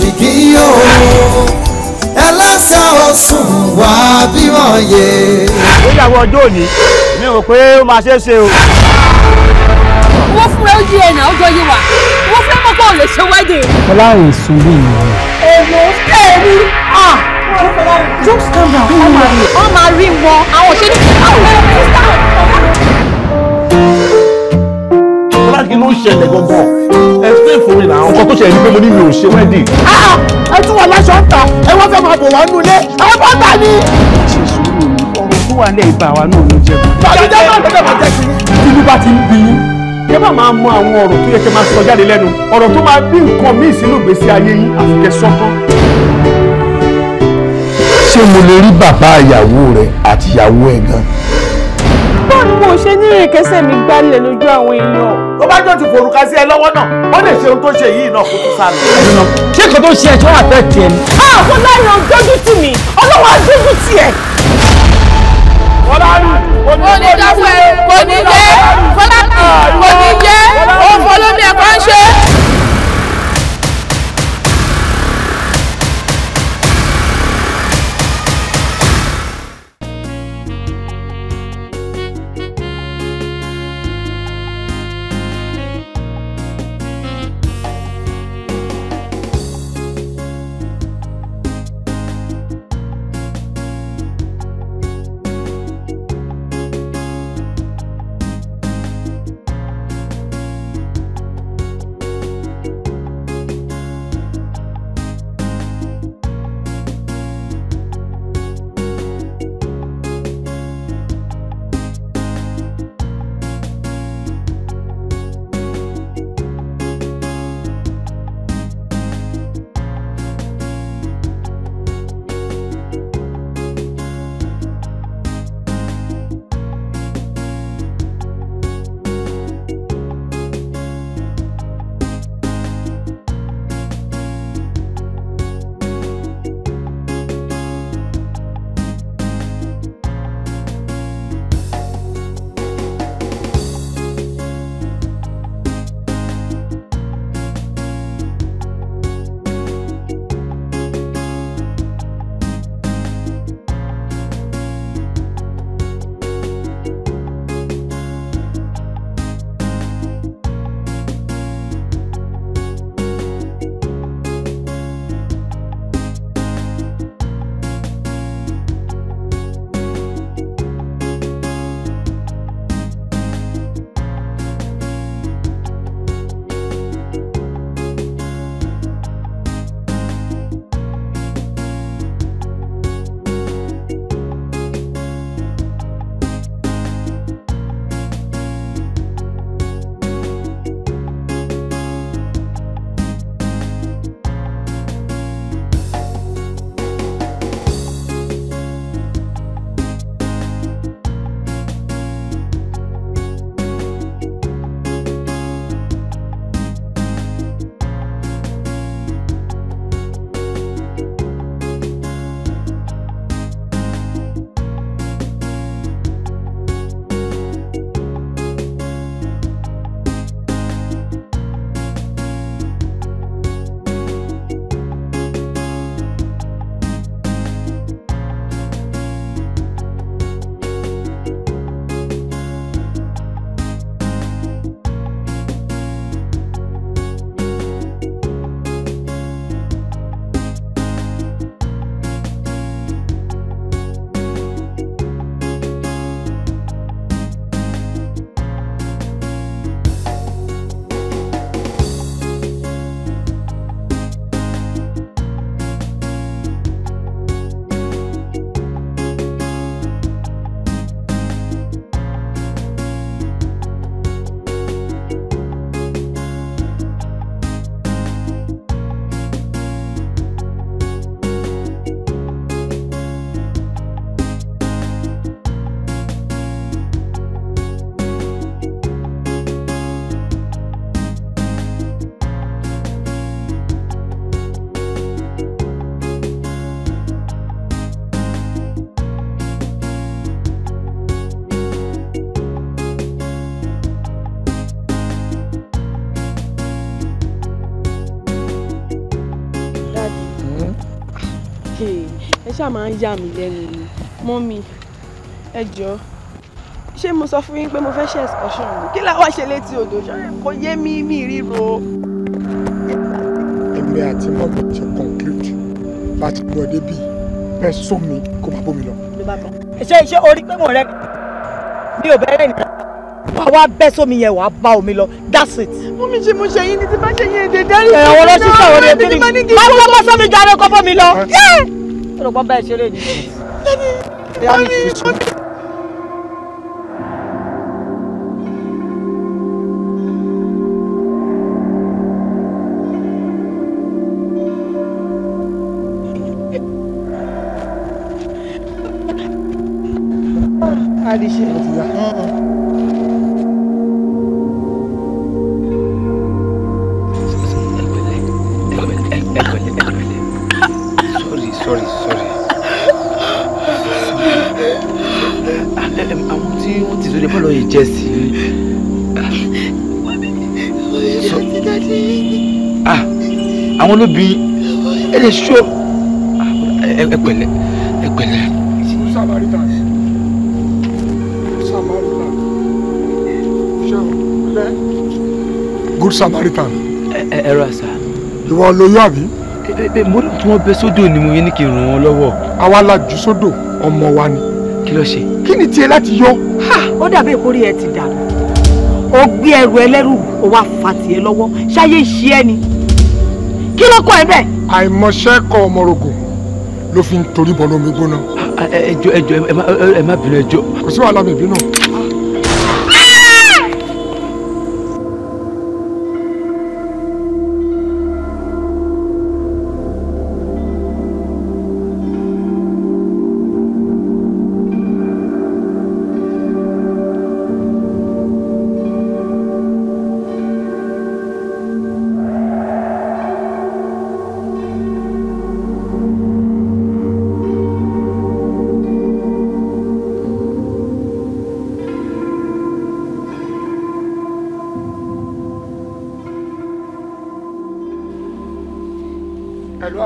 òṣìkí o ẹlẹ́sẹ̀ ọ̀sùn wà bímọ yé. ìgbéyàwó ọjọ́ òní mi ò rò pé ó máa ṣeé ṣe o. owó fún ẹ ó yí ẹ̀nà ọjọ́ yìí wá owó fún ẹ mọ̀ pé ò lè ṣe wẹ́dẹ̀. fọláhùn sùn bí ìlú. èlò èmi à. jokes calm down wọ́n máa rí wọn àwọn òṣèlú àwọn ẹ̀rọ kìí sáà. fọláhùn kí ló ń ṣẹlẹ̀ gbọ̀ngàn pay for it now. nǹkan tó ṣe ẹni pé mo ní mi ò ṣe wedding. Ah, ah, ẹ tún wà láṣọ ń ta ẹ wọ́n fẹ́ máa bò wá nulẹ̀ ẹ bọ́ ta ni. ṣe sùúrù mi ọ̀rọ̀ tó wà ní ìbá wa náà ló jẹ́ mi. bàjẹ́ náà lọ́dọ̀ bàjẹ́ kiri. tìlú bá ti ń bí yín kí ẹ má máa mọ àwọn ọ̀rọ̀ tó yẹ kí ẹ máa sọ jáde lẹ́nu ọ̀rọ̀ tó máa bí nǹkan míì sínú ìgbésí ayé yín àfikẹ́ sọ́kàn. ṣé mo lè rí bàbá ìyàwó rẹ àti ìyàwó báwo ni mo ṣe ní ìrìnkẹsẹ̀ mi gbálẹ̀ lójú àwọn èèyàn. tó bá jọ ti forúkà sí ẹ lọ́wọ́ náà wọ́n lè ṣe ohun tó ṣe yìí náà kó tó sá lọ. ṣé kò tó ṣe ẹ tó wà bẹ́ẹ̀ tiẹ̀ ni. àwọn láyọ̀ dójú tì mí ọlọ́wọ́ dójú tì ẹ̀. onídàpẹ̀ kò ní jẹ́ fọláàrù kò ní jẹ́ òfò ẹ̀kọ́ ń ṣe. ṣáà máa ń yà mí lẹ́nu ni mọ́mì ẹ jọ̀ọ́ ṣé mo sọ fún yín pé mo fẹ́ ṣe excursion ni kí la wá ṣe létí odò ṣọ́ọ́ kò yé mi mi ríro. èmi àti mọ́mì ti conclude láti lọ débi bẹ́ẹ̀ sọ mi kó má bómi lọ. ṣé ṣé orí pé mo rẹ mi ò bẹ̀rẹ̀ nìkan wà wá bẹ́ sómi yẹn wà á bá omi lọ that's it. mú mi ṣe mo ṣe yín ni tí bá ṣe yín èdè dárí. ẹ̀wọ̀n lọ sí sọ̀rọ̀ ní ẹbí mi má bá bá sómi jáde kọ́ fún mi lọ tó lọ pọ́n bẹ́ẹ̀ ṣeré ni. mami mami. Hadi ah, şey. olóbìnrin ẹ lè ṣó ẹ pẹ̀lẹ́ ẹ pẹ̀lẹ́. good samaritan. ẹ ẹ rà sá. ìwọ ló yọ àbí. ẹ mo ní tí wọn bẹ sódò ni mo yẹ ní kí n ràn wọn lọ́wọ́. àwa la jù sódò ọmọ wa ni. kí ló ṣe. kí ni tiẹ̀ láti yọ. ó dàbí ìkórè ẹ ti dànù ó gbé ẹrù ẹlẹ́rù ó wá fà tiẹ̀ lọ́wọ́ ṣáyé ń ṣe ẹni kí ló kọ ẹ bẹ́ẹ̀. àìmọṣẹ́ kọ ọmọrogùn ló fi ń torí bọ́ lómi gbóná. ẹjọ ẹjọ ẹ má bínú ẹjọ. kò sí wàhálà mi bínú.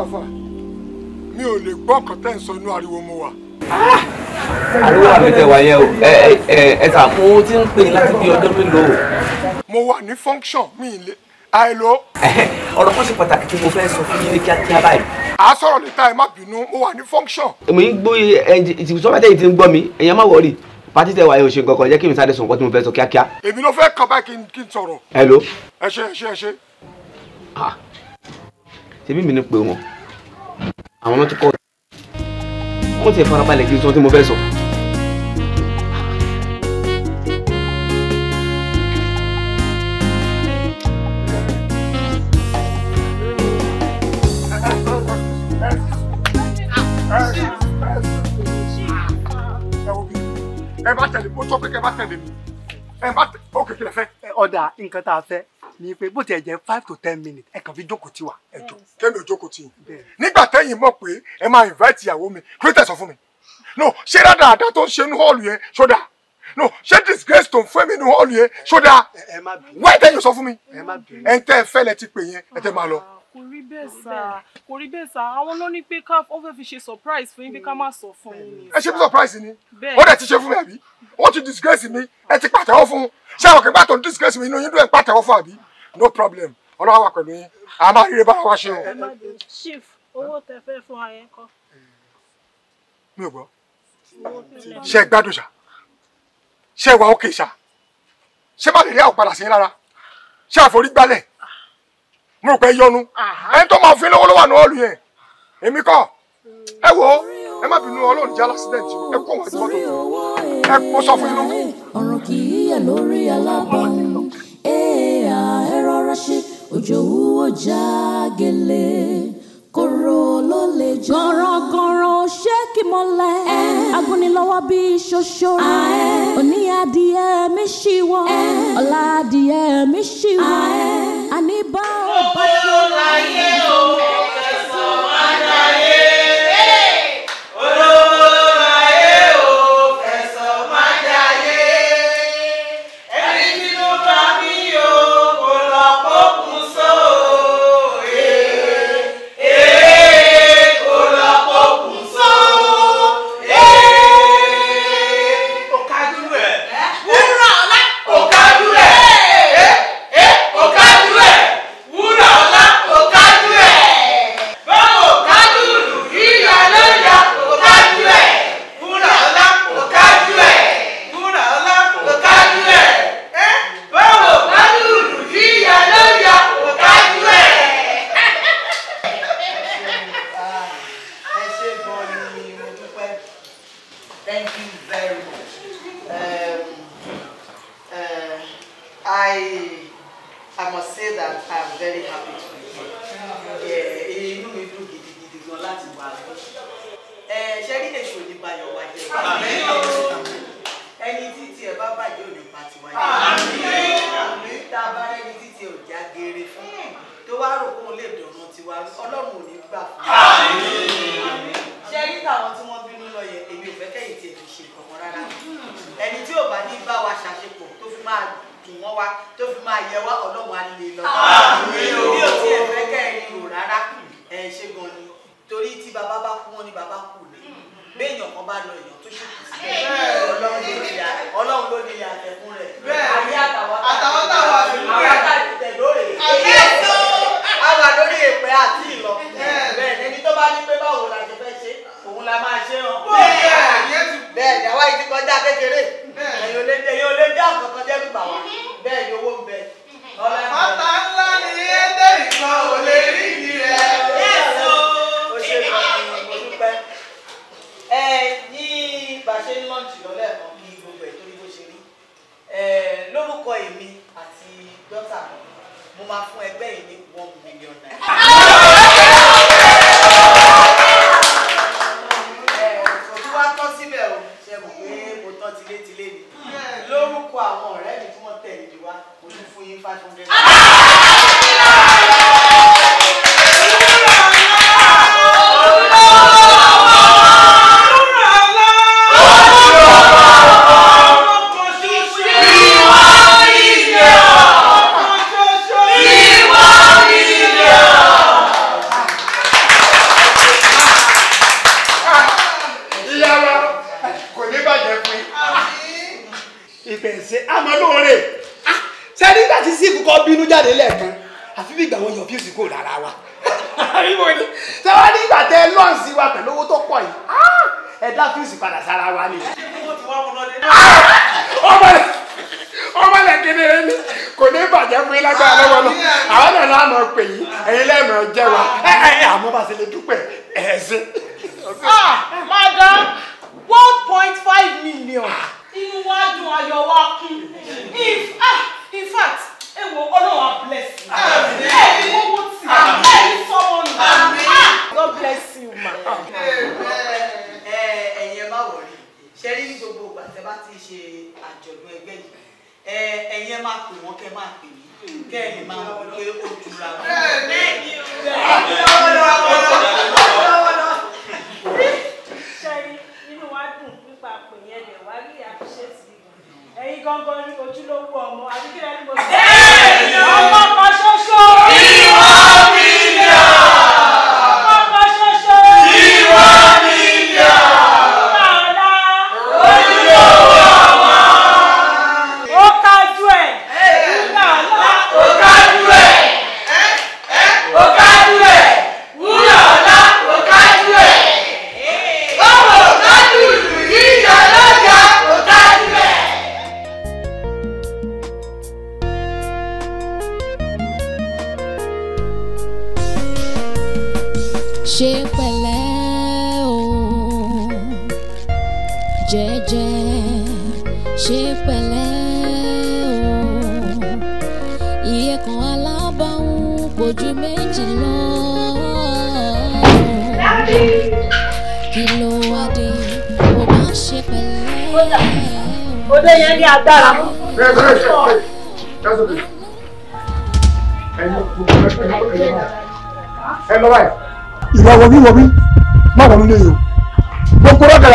àfà mi ò lè gbọ́ ọ̀kan tẹ́ ń sọ inú ariwo mo wà. Ah! ariwo àbẹ̀tẹ̀ wà yẹn o ẹ ẹ ẹ sàkún ó ti ń pè láti bí ọjọ́ mélòó. mo wà ní function mi ì lè àìlò. ọ̀rọ̀ kan ṣe pàtàkì tí mo fẹ́ sọ fún yín ní kíákíá báyìí. a sọ̀rọ̀ níta ẹ má bínú mo wà ní function. èmi ń gbọ́ ìtìsọ́fẹ́tẹ̀ yìí ti ń gbọ́ mi ẹ̀yàn má wọ̀ọ́rì pati tẹ wa yóò ṣe nǹkan kan jẹ́ kí mi sáré sọ nǹkan tí mo fẹ́ sọ kíákíá. èmi ló fẹ́ kàn báyìí kí n sọ̀rọ̀. hello. ẹ ṣe ẹ ṣe ẹ ṣe. Ah. ṣebí mi ni pé wọn àwọn náà ti kọ́ wọ́n ti farabalẹ̀ kí n sọ tí mo fẹ́ sọ. ẹ bá tẹ̀lé mo sọ pé kẹ bá tẹ̀lé mi ẹ bá tẹ̀lé ó kékeré fẹ́. ọ̀dà nǹkan tá a fẹ́ ni pé bó tiẹ̀ jẹ́ five to ten minutes ẹ kàn fi jókòó tì wá ẹ jọ. kẹ́mi ò jókòó tì nígbà tẹ́yìn mọ̀ pé ẹ máa invite ìyàwó mi kí ló sọ fún mi no ṣé dáadáa tó ń ṣe ní hall yẹn ṣódà no ṣé disgrace tó ń fún mi ní hall yẹn ṣódà wáyé tẹ́yìn sọ fún mi ẹ̀ ń tẹ́ ẹ fẹ́ lẹ ti pè yẹn ẹ tẹ́ máa lọ ah, kò rí bẹ́ẹ̀ sá kò rí bẹ́ẹ̀ sá àwọn ló ní pé ká ó fẹ́ fi ṣe surprise fún yín pé ká má sọ fún yín ẹ ṣe fún surprise ni ó dẹ̀ ti ṣe fún mi àbí ó ti disgrace mi ẹ ti pàtẹ́wọ́ fún un ṣé àwọn kẹgbà tó ń disgrace mi inú yín dùn ẹ̀ ń pàtẹ́wọ́ fún àbí no problem ọlọ́wà wà pẹ̀lú yín a máa ríre bára wa ṣe o. chief owó tẹ fẹ́ fún ayé kọ́. mi ò gbọ́ ṣe gbádùn ṣá ṣe wà ókè ṣá ṣe má lè rí àwọn padà sí lára ṣe àforí gbálẹ̀ mo rò pé yọnu ẹni tó máa fi lówó ló wà ní ọ̀lù yẹn èmi kọ́ ẹ wò ó ẹ má bínú ọlọ́run jẹ́ accident ẹ kó wọn ti mọ́tò ẹ sọ fún inú. ọ̀rọ̀ kì í yẹ lórí alábọ̀ òjò wúwo já gèlè kóró ló lè já. gọ̀rọ̀gọ̀rọ̀ ṣé kí mo lẹ̀. agúnilọ́wọ́ bí ṣoṣoro. òní adìẹ mi ṣì ọ̀la adìẹ mi ṣì wọ̀. àní bá ò bá ṣe. láyé o.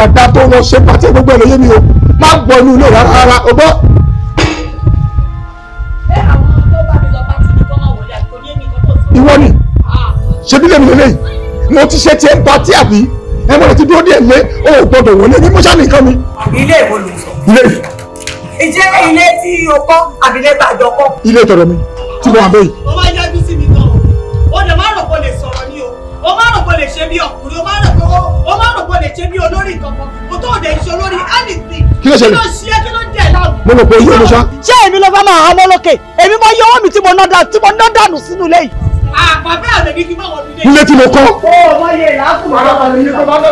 rádaràda tó lọ ṣe pàtẹ gbogbo ẹlòyé mi o má gbọ́ inú ilé rárá rárá o gbọ́. ìwọ ni ṣebí lèmi lélẹ́yìn mo ti ṣe tiẹ̀ ń patí àbí ẹ mọ̀ lẹ́tí dúró díẹ̀ lé o ò wọlé ní mọ́ṣá nìkan mi. ilé ìwọ ló sọ. ìjẹ́ ilé tí o kọ́ àbílẹ̀ tàjọ kọ́. ilé tọ̀dọ̀ mi tí mo wà bẹ́ẹ̀. o máa yájú sí mi tán o o dẹ̀ má rò lè sọ̀rọ̀ ní o o má rò lè ṣe bí ọkùnrin o máa rò pé lè ṣe bí olórí kankan o tó lè ṣe olórí anything kí ló ṣe kí kí ló dẹ̀ láàbù. mo rò pé yóò ló ṣá. ṣé èmi ló fẹ́ máa hamọ́ lókè èmi mọ iye owó mi tí mo ná dànù sínú ilé yìí. àbàbà àlè kìkì máa wọ nílé. nílé tí mo kọ́. ó mọ iye ìlàkù máa wà ní ìlú bàbá mi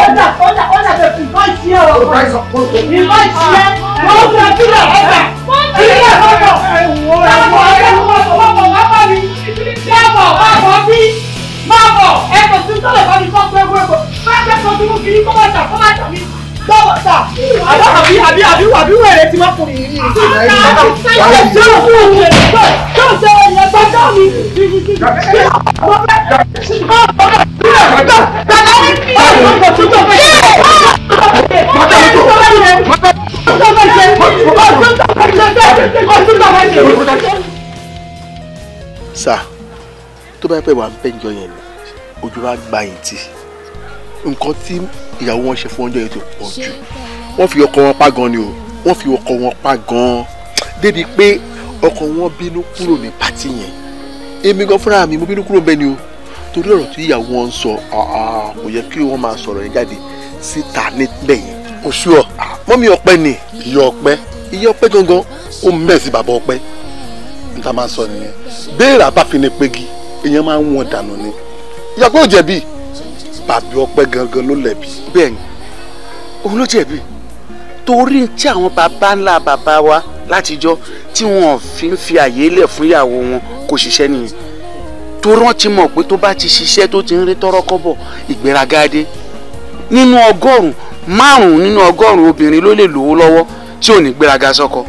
ó dà ó dà ó dà bẹ kí ìbá ìṣe ẹ wọ. ìbá ìṣe wọn fi àtúrà ọgbà ilé ọgbà ẹwọ ẹwọ ẹwọ ọgbà bá jẹ́ sọ dúró kiri kó má tà kó má tà mí. Gbọ́dọ̀ tà àbá àbí àbí àbí àbí wẹ̀rẹ̀ ti má fún mi. Ṣé ṣé o fún òun rẹ̀ nígbà tó ṣe ẹ̀yẹ gbọ́dọ̀ mi? Ṣé o fẹ́ ṣe o fẹ́ Bàbá mi fi ọ̀rọ̀ ọ̀rọ̀ tó tó fẹ́ ṣe. Mọ̀tà mi tó fẹ́ ṣe. Mọ̀tà mi tó fẹ́ ṣe. Ọ̀tún tó fẹ́ ṣe. Ọ̀tún tó fẹ́ ṣe. Sà, tó bá yẹ pé wà ń pẹ́jọ yẹn ni, ojú wa gba yìí tì nǹkan tí ìyàwó wọn ṣe fún ọjọ́ yẹn ti pọ̀ jù wọ́n fi ọkọ wọn pa gan ni o wọ́n fi ọkọ wọn pa gan débi pé ọkọ wọn bínú kúrò ní pátì yẹn èmi gan fúnra mi mo bínú kúrò bẹ́ẹ̀ ni o torí ọ̀rọ̀ tí ìyàwó wọn ń sọ kò yẹ kí wọ́n máa sọ̀rọ̀ yẹn jáde síta níbẹ̀ yẹn. oṣù ọ mọ́mí ọpẹ ni ìyá ọpẹ ìyá ọpẹ gangan ó ń mẹ́sì bàbá ọpẹ n ta máa sọ nìyẹn béèrè àbáfin ni pegi èèyàn máa ń wọn dànù ni ìyàpẹ́ ò bàbí ọpẹ́ gangan ló lẹ̀bi. bẹ́ẹ̀ ni òun ló jẹ̀bi torí tí àwọn baba ńlá baba wa látijọ́ tí wọ́n fi ń fi àyè lẹ̀ fún ìyàwó wọn kò ṣiṣẹ́ nìyẹn torí wọ́n ti mọ̀ pé tó bá ti ṣiṣẹ́ tó ti ń rí tọ́rọ́ kọ́bọ̀ ìgbéraga dé nínú ọgọ́rùn márùn nínú ọgọ́rùn obìnrin ló lè lówó lọ́wọ́ tí ò ní gbéraga sọ́kọ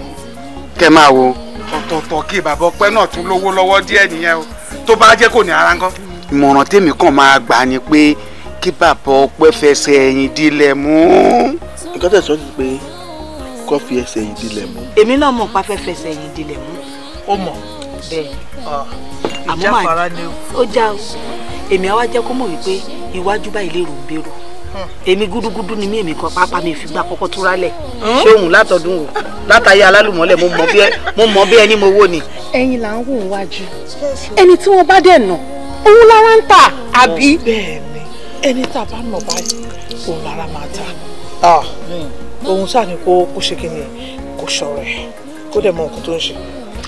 kẹ́ máa wo. tọ̀tọ̀tọ̀ kí bàbá ọpẹ́ náà tún lówó lọ́wọ́ díẹ̀ nìyẹn o tó bá jẹ́ kò ní ara ńkọ́. ìmọ̀ràn tèmi kàn máa gbà ni pé kí bàbá ọpẹ́ fẹsẹ̀ ẹ̀yìn dilẹ̀ mú. nǹkan tẹ̀sán ti pé kọ́ fi ẹsẹ̀ yìí dilẹ̀ mú. èmi náà mọ̀ pa fẹ́ fẹsẹ̀ yìí dilẹ̀ mú. ó mọ̀ bẹ́ẹ̀ ah, àmọ́ màá ó já o èmi àwa jẹ́ kó mọ̀ wípé iwájú báyìí lè rò ń hmm. èmi gúdúgúdú ni mí èmi kan pápá mi fìgbà kọ́kọ́ túra lẹ̀ hmm? ṣé òun látọ̀dún o látàyé alálùmọ́lẹ̀ mo mọ̀ bí ẹni mo wò ni. ẹ̀yin là ń wò wájú ẹni tí wọn bá dẹ̀ nà òun lára ń tà àbí. bẹ́ẹ̀ni ẹni tá a bá mọ̀ báyìí òun lára máa ta hmm. òun sáà ni kó kó ṣe kí ni kó ṣọ̀rọ̀ ẹ̀ kó dẹ̀ mọ nǹkan tó ń ṣe.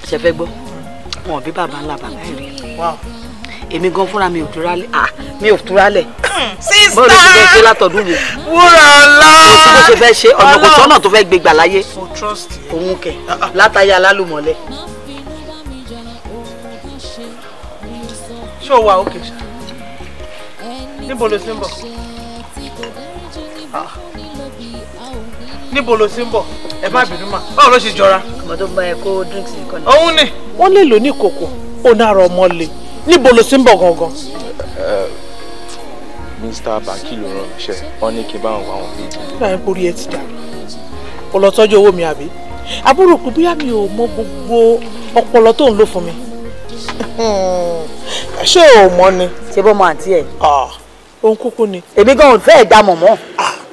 ṣe fẹ́ gbọ́ wọn ò bí bàbá ńlá bàbá ẹ̀ rí èmi gan fúnra mi ò tura lẹ̀ à mi ò tura lẹ̀ bó ló ti fẹ́ ṣe látọ̀dún mi wúrà ọ̀la kò sí bó ṣe fẹ́ ṣe ọ̀nà kò tọ́nà tó fẹ́ gbé láyé òun kẹ̀ ah, ah. látàyà alálùmọ̀lẹ̀. ṣé o wà ókè ṣáà níbo ló ti ń bọ̀ ah. níbo ló ti ń bọ̀ ẹ má bínú mà báwo ló ṣe jọra. ọmọ tó bá ẹ kó drinks nìkan. òun ni. wọ́n lè lò ní ìkòkò ó ọmọ le níbo ló ti ń bọ̀ gangan. Eh, Mr. Baki ló rán iṣẹ́ wọn ní kí n bá wọn wá wọn bí ìdílé. báyìí borí ẹ ti dàrú ó lọ tọ́jú owó mi àbí àbúrò kù bóyá mi ò mọ gbogbo ọpọlọ tó ń lò fún mi hmm. ṣé o mọ ni. ṣe bọ́ mọ àǹtí ẹ̀. Ah òun kúkú ni. èmi gan òun fẹ́ẹ̀ dá mọ̀mọ́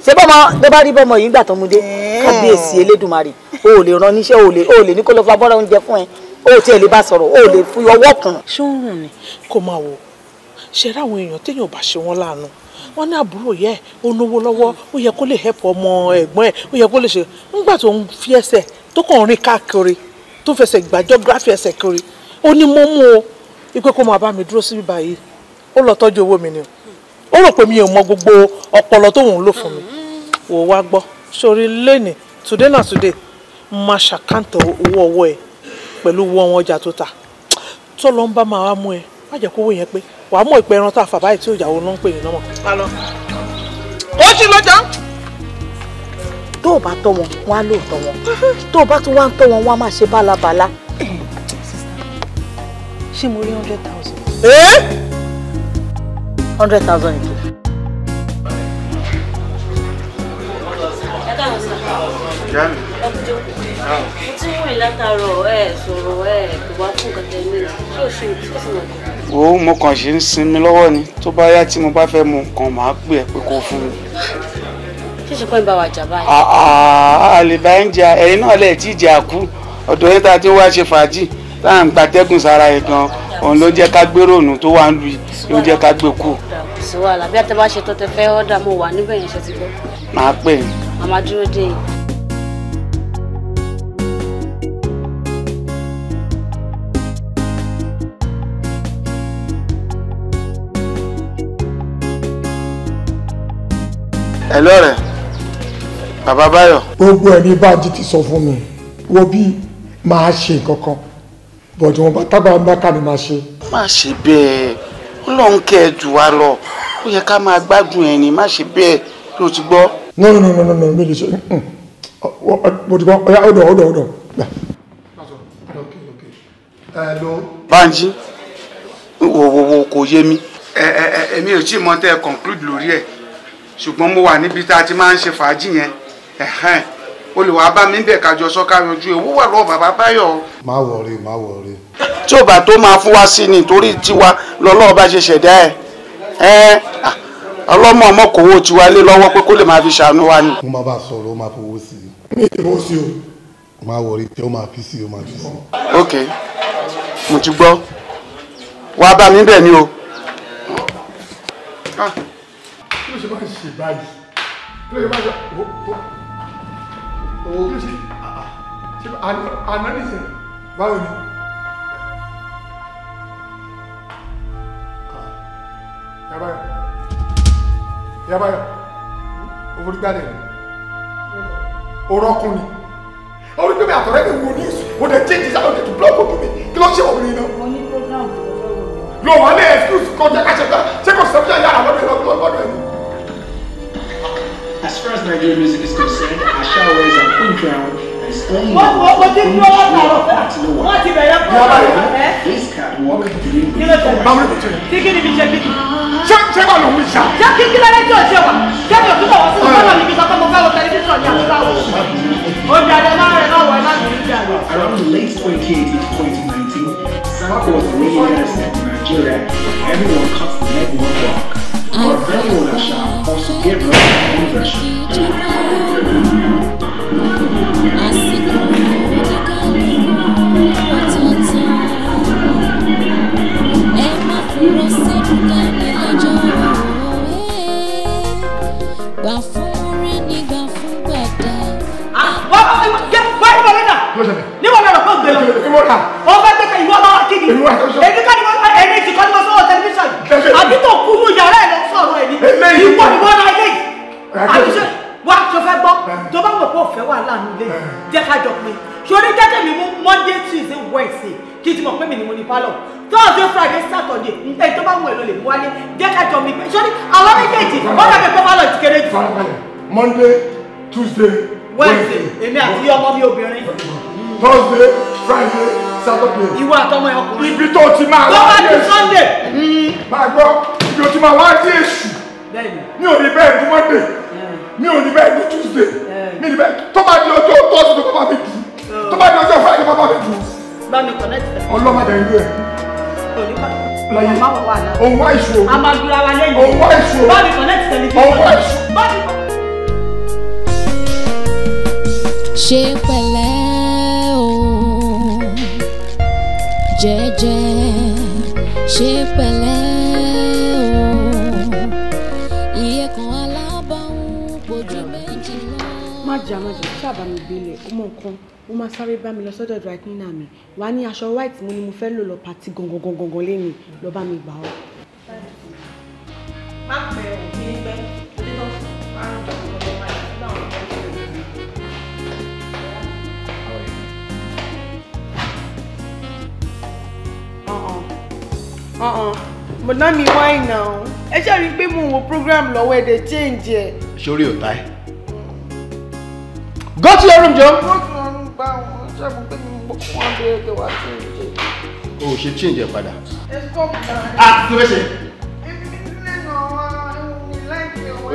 ṣé bọ́mọ tó bá rí bọ́mọ yìí gbà tó mu dé kábíyèsí elédùnmarè o ò lè ran níṣẹ́ o ò lè ní kó lọ fa bọ́rọ̀ oúnjẹ fún ẹ o ò tiẹ̀ lè bá sọ̀rọ̀ o ò lè fi ọwọ́ kan. ṣóòrùn ni kò máa wò ṣe ráwọn èèyàn téèyàn ò bá ṣe wọn láàánú wọn ní àbúrò yẹ ó náwó lọ́wọ́ ó yẹ kó lè hẹpọ ọmọ ẹ̀gbọ́n ẹ ó yẹ kó lè ṣe nígbà tó ń fi ẹsẹ̀ tó kàn rìn káàkiri tó fẹsẹ̀ gbàjọ gíráfì ẹsẹ̀ kiri ó ní mọ́mú o ipe kó máa bá mi dúró síbi báyìí ó lọ tọ́jú owó mi ni o ó rò pé mi ò mọ gbogbo ọpọlọ tóun lò fún mi wò wá gbọ́ sórí lẹ́nì today na today máa ṣàkántọ̀ owó ọwọ́ ẹ pẹ̀lú owó ọwọ́ ọjà tó ta tó lọ ń bá máa wá mú ẹ má jẹ́ kówó yẹn pé wàá mú ìpẹ́ ẹran tá a fà báyìí tí òjàwó ló ń pè ní nọ́mọ̀. ó sì lọ́jà. tó o bá tọ́ wọn wọn á lóòótọ́ wọn tó o bá tún wá ń tọ́ wọn wọn á máa ṣe bálabàla. ṣé mo rí hundred thousand hundred thousand nìkan. mo ti ń rìn mi ṣé o ṣe ìtúsí náà. wo mo kàn ṣe ń sinmi lọ́wọ́ ni tó bá yá tí mo bá fẹ́ mu nǹkan màá pè ẹ́ pé kó fún mi ṣíṣe kọ́ ìbá wa jà báyìí. àlèbá ah, ah, ń jà ẹ̀yin náà lè ti wá ṣe fàájì tá à ń gbatẹ́gùn sára ẹ̀ gan òun ló jẹ́ ká gbé ròònù tó wà ń lu yóò jẹ́ ká gbé kù. sí wàhálà bí àtẹ bá ṣe tó tẹ fẹ́ ọ́dà mo wà níbẹ̀ yẹn ṣe ti gbọ́. màá pè é. màmá dúró dé yìí. ẹ lọ́rẹ̀ bàbá báyọ̀. gbogbo ẹni bá jí ti sọ fún mi wo bí màá ṣe nǹkan bọ̀dù wọn tábà ń bá ká ni máa ṣe. má ṣe bẹ́ẹ̀ ó lọ ń kẹ́ ẹ jù wá lọ ó yẹ ká máa gbádùn ẹ̀ ní má ṣe bẹ́ẹ̀ ló ti gbọ́. no no no no no mi lè ṣe mo ti gbọ́ ọ̀yá ọ̀dọ̀ ọ̀dọ̀ ọ̀dọ̀ gbà. Eh, wo wo wo kò yé mi. ẹ ẹ ẹ èmi ò tí ì mọ tẹ́ ẹ conclude lórí ẹ̀ ṣùgbọ́n mo wà níbi tá a ti máa ń ṣe fàájì yẹn. o lè wàá bá mi bẹ̀ kájọ sọ ká yanjú ewu wà lọ́wọ́ bàbá báyọ̀. má wọrí má wọrí. tí ò bá tó máa fún wa sí ni torí tiwa lọ́lọ́wọ́ bá ṣe ṣẹ̀dá ẹ̀ ẹ́ ọlọ́mọ ọmọ tiwa lé lọ́wọ́ pé kó lè máa fi ṣàánú wa ni. mo máa bá sọ̀rọ̀ ó máa fowó sí i. fowó sí o má wọrí tí ó máa fi sí o máa fi sí. ok mo ti gbọ́ wàá bá mi bẹ̀ ni o. Ah. kí ló ṣe máa ń ṣe báyìí kí ló ṣe máa ń ṣe owó kí ṣe àná nìyẹn báwo ni. Ah. yabayọ yabayọ orí gbàdẹ ni orọkùn ni orí gbẹmí àtọrẹ mi wò ní ìsù mo dẹ change sáà lóde tó blọọkù ojú mi kí ló ń As far as Nigerian music is concerned, Asha wears an queen crown and is only What? for queen flower at Noah. This catwalk during the Ṣé ṣé wà ló ń ṣá? Ṣé kí kí lẹ́lẹ́jọ́ ṣe wà? Ṣé mi ò túbọ̀ wọ́n sí ìgbọ́dọ̀ níbi sọ pé mo fẹ́ wo tẹlifíṣàn ni à? àtọmọ ẹ̀ ọkùnrin. ibi tó ti máa wá ní èṣù. Sunday. Hmm. máa gbọ́ ibi tó ti máa wá ní èṣù. mi ò ní bẹ́ẹ̀ ní Monday mi ò ní bẹ́ẹ̀ ní Tuesday mi ní bẹ́ẹ̀ tó bá di ọjọ́ tọ́sí tó bá mi dùn oh. tó bá di ọjọ́ Friday tó bá mi dùn. lọ́ni kọ̀nẹ́tì. ọlọ́mọdé ń yẹ. òní pa òun wá ìṣòro. a máa dúra wa lẹ́yìn. òun wá ìṣòro. lọ́ni kọ̀nẹ́tì tẹlifíṣàn. òun wá ìṣòro. jẹ́ ṣe pẹ̀lẹ́ o iye kan alábàáhùn kojú méjì lọ. má jà má jà sábà mi gbélé ọmọ nǹkan mo máa sáré bá mi lọ sọ́dọ̀ dry cleaner mi wàá ní aṣọ white mo ni mo fẹ́ lò lọ pàtí gangan gangan lẹ́nu lọ bá mi gbà ọ́. má pẹ́ òní pẹ́ onítọ̀sán máa ń jọ ọ̀pọ̀lọpọ̀ àìsàn náà. But now me why now? ṣáà rí i pé mò ń program lọ́wọ́ ẹ̀ they change Show sórí òtá ẹ go to your room John. Oh, she wọn gba wọn ṣàbùkù pé mi change ẹ̀. o ò ṣe change ẹ padà. ẹ sọ mi náà. Ah, a kí ló ṣe. èmi nílẹ̀ náà wá go to your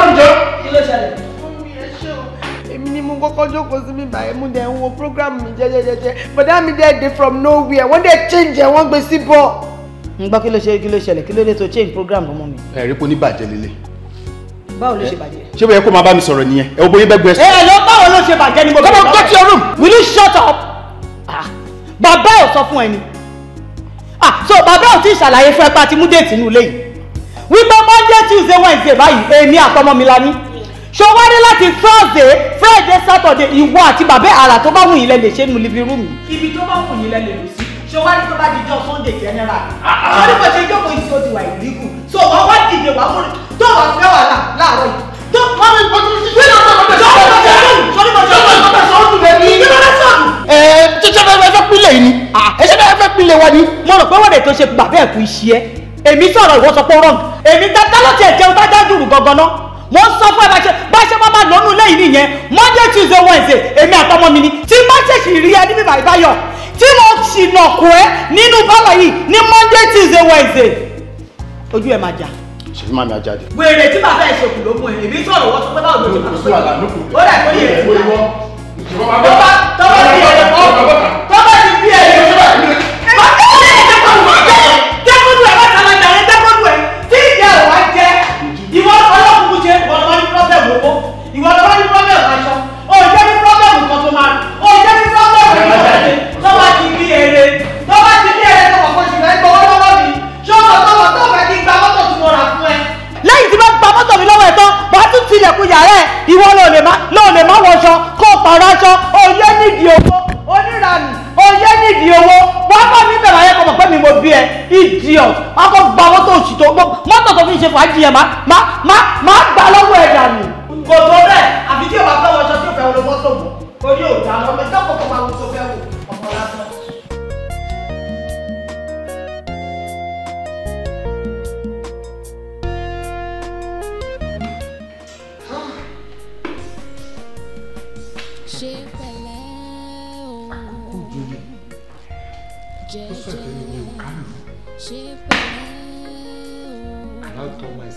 room John. kí ló ṣẹlẹ̀? mo kọ́kọ́ jókòó sí mi báyìí mo dẹ̀ wo program mi jẹ́jẹ́jẹ́jẹ́ bọ̀dá mi dẹ̀ dé from nowhere wọ́n dẹ̀ change ẹ̀ wọ́n gbé sí bọ̀. n gbọ́ kí ló ṣe kí ló ṣẹlẹ̀ kí ló dé tó change program ọmọ mi. ẹ rí i pé oníbàjẹ́ lélẹ̀. báwo ló ṣe bàjẹ́. ṣé bóyá kó máa bá mi sọ̀rọ̀ nìyẹn ẹ wo bóyá bẹ́ẹ̀ ẹ lọ báwo ló ṣe bàjẹ́ ni mo bẹ̀rẹ̀ lọ́wọ́. come on go to your room. will you shut up. Ah, bàbá ò sọ fún ẹni. ah so bàbá ò tí ì ṣàlàyé fún ẹ pa ti mú déètì nù lẹ́yìn. wípé monday tuesday wednesday báyìí èmi àtọmọ mi la ní ṣó wá dé láti Thursday Friday Saturday ìwọ àti bàbá àrà tó bá wù yín lẹ lè ṣe nu living room. ibi tó bá wù yín lẹ lè lò sí ṣé wá ní tó bá dijọ́ Sunday general sọ́ni kò ṣe jókòó yìí tí o ti wà ìdíkù so wọ́n wá dìde wà fún tó wà fẹ́ wà láàárọ̀ yìí tó wọ́n mi kò tún ṣe lọ sọ́dọ̀ bẹ́ẹ̀ sọ́dọ̀ bẹ́ẹ̀ sọ́dọ̀ bẹ́ẹ̀ sọ́dọ̀ bẹ́ẹ̀ sọ́dọ̀ bẹ́ẹ̀ ni ìdílé bẹ́ẹ̀ sọ́dọ̀. ẹ ṣẹṣẹ fẹẹ fẹẹ pínlẹ̀ yìí ni ẹṣẹ fẹẹ fẹẹ pínlẹ̀ wa ni mo rò pé wọ́n lè tó ṣe gbà bẹ́ẹ̀ kú iṣẹ́ èmi sọ̀rọ̀ ìwọ sọ pé wrong èmi tá tá ló tiẹ̀ jẹun tá dájú rù gangan náà mo ń sọ fún ẹ báṣẹ báṣẹ bá máa lọ́nu lẹ́yìn nìyẹn monday tuesday wednesday èmi àtọmọ mi ni tí má ṣèṣì rí ẹ níbi bàbáyọ tí mo sì nà kú ẹ nínú bọ́ọ̀lù yìí ní monday tuesday wednesday ojú ẹ máa jà. ṣe fi máa mi ajáde. wèrè tí bàbá ẹ ṣèkù ló mú ẹ èmi sọ̀rọ̀ wọ́n sọ pé báwo ló ti máa sọ ó rẹ̀ tó yẹ ẹ. tọ́ba tọ́ba ti bí ẹ mọ́tò mi lọ́wọ́ ẹ̀ tán wàá tún tilẹ̀kùn yàrá ẹ̀ ìwọ ló lè má wọṣọ kó o pààrọ̀ aṣọ òye nídìí owó oníranù òye nídìí owó wàá bá mi bẹ̀rẹ̀ ayẹ́kọ̀ọ́ mọ̀ pé mi mo bí ẹ idiot akọ gba mọ́tò òsì tó mọ́tò tó fi ṣe fàájì yẹn má má má má gbà lọ́wọ́ ẹ̀ dànù. kò tó bẹ́ẹ̀ àfi tí o bá fẹ́ wọṣọ tí o fẹ́ wọlé mọ́tò mọ́ orí ò dáná ọmọ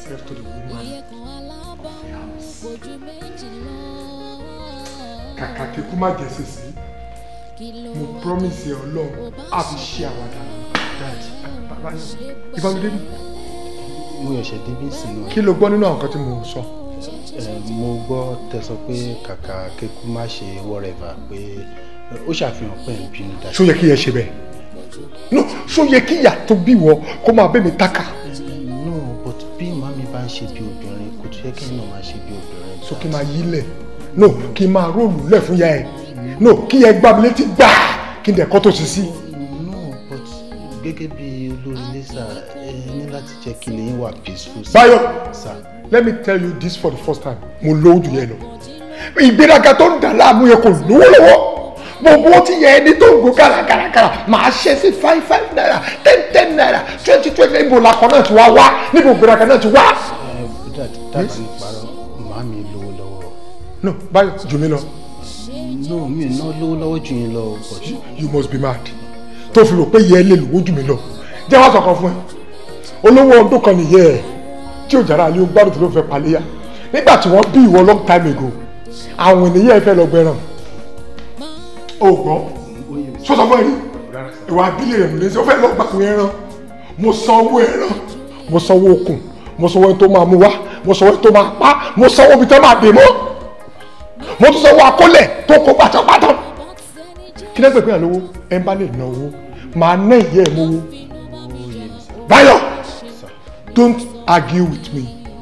yourself to the woman Kàkà kí kú má jẹ́ sísí, mo promise your love. á fi ṣe àwàdà dáàdì bàbá yìí. Mo ẹ̀ṣẹ̀ débí sí náà. Kí ló gbọ́ nínú àwọn nǹkan tí mo sọ? Mo gbọ́ tẹ̀sán pé kàkà kí kú má ṣe wọ́rẹ̀fà pé ó ṣàfihàn pé ń bínú Ṣó yẹ kí ẹ ṣe bẹ́ẹ̀? No, ṣó yẹ kí ìyà tó bí wọ kó máa bẹ́ mi tákà? ṣe bí obìnrin kò tún yẹ kí ẹ̀yin máa ṣe bí obìnrin. so kí n máa yílẹ̀ no kí n máa róòlù lẹ̀ fún ya ẹ̀ no kí yẹ gbá mi létí gbà kí n dẹ̀ kọ́ tó ṣe sí. no but gẹ́gẹ́ bí olórí lẹ́sà ẹ ní láti jẹ́ kí ilé yín wà peaceful. Báyọ̀ let me tell you this for the first time mo lówó jù yẹn lọ ìgbéraga tó ń dà láàmú yẹn kò lówó lọ́wọ́ gbogbo ti yẹ ẹni tó ń gbó gàràgàràgàrà máa ṣe sí five five naira ten ten naira twenty twenty níbo làkọ náà ti wá wá níbo gbéraga náà ti wá dábàá ní parọ́ màá mi lówó lọ́wọ́. no báyọ̀ jù mí lọ. no mi ná lówó lọ́wọ́ jù yín lọ you must be mad tó fi rò pé yẹ ẹ lè lówó jù mí lọ jẹ́ wá sọ̀kan fún ẹ olówó ọdún kan nìyẹn ẹ tí òjàrá ni ó gbádùn tó ló fẹ́ paléyà nígbà tí wọ́n bí ìwọ long time ago àwọn ènìyàn ẹ fẹ́ lọ gbẹ̀ràn o gbọ́ sọ́sọ́ fún ẹ rí ìwà abílẹ̀ rẹ̀ mi lé sí ó fẹ́ lọ gbàgbé ẹran mo sanwó ẹran mo sanwó okùn mo sanwó ẹni tó máa mú wá mo sanwó ẹni tó máa pa mo sanwó ibi tẹ́ máa dè mọ́ mo tún sanwó akólẹ̀ tó kó pátápátá kí lẹ́sẹ̀ pé àlówó ẹ bá lè ná owó máa ná ìyá ẹ̀ mówó Báyọ̀ don't argue with me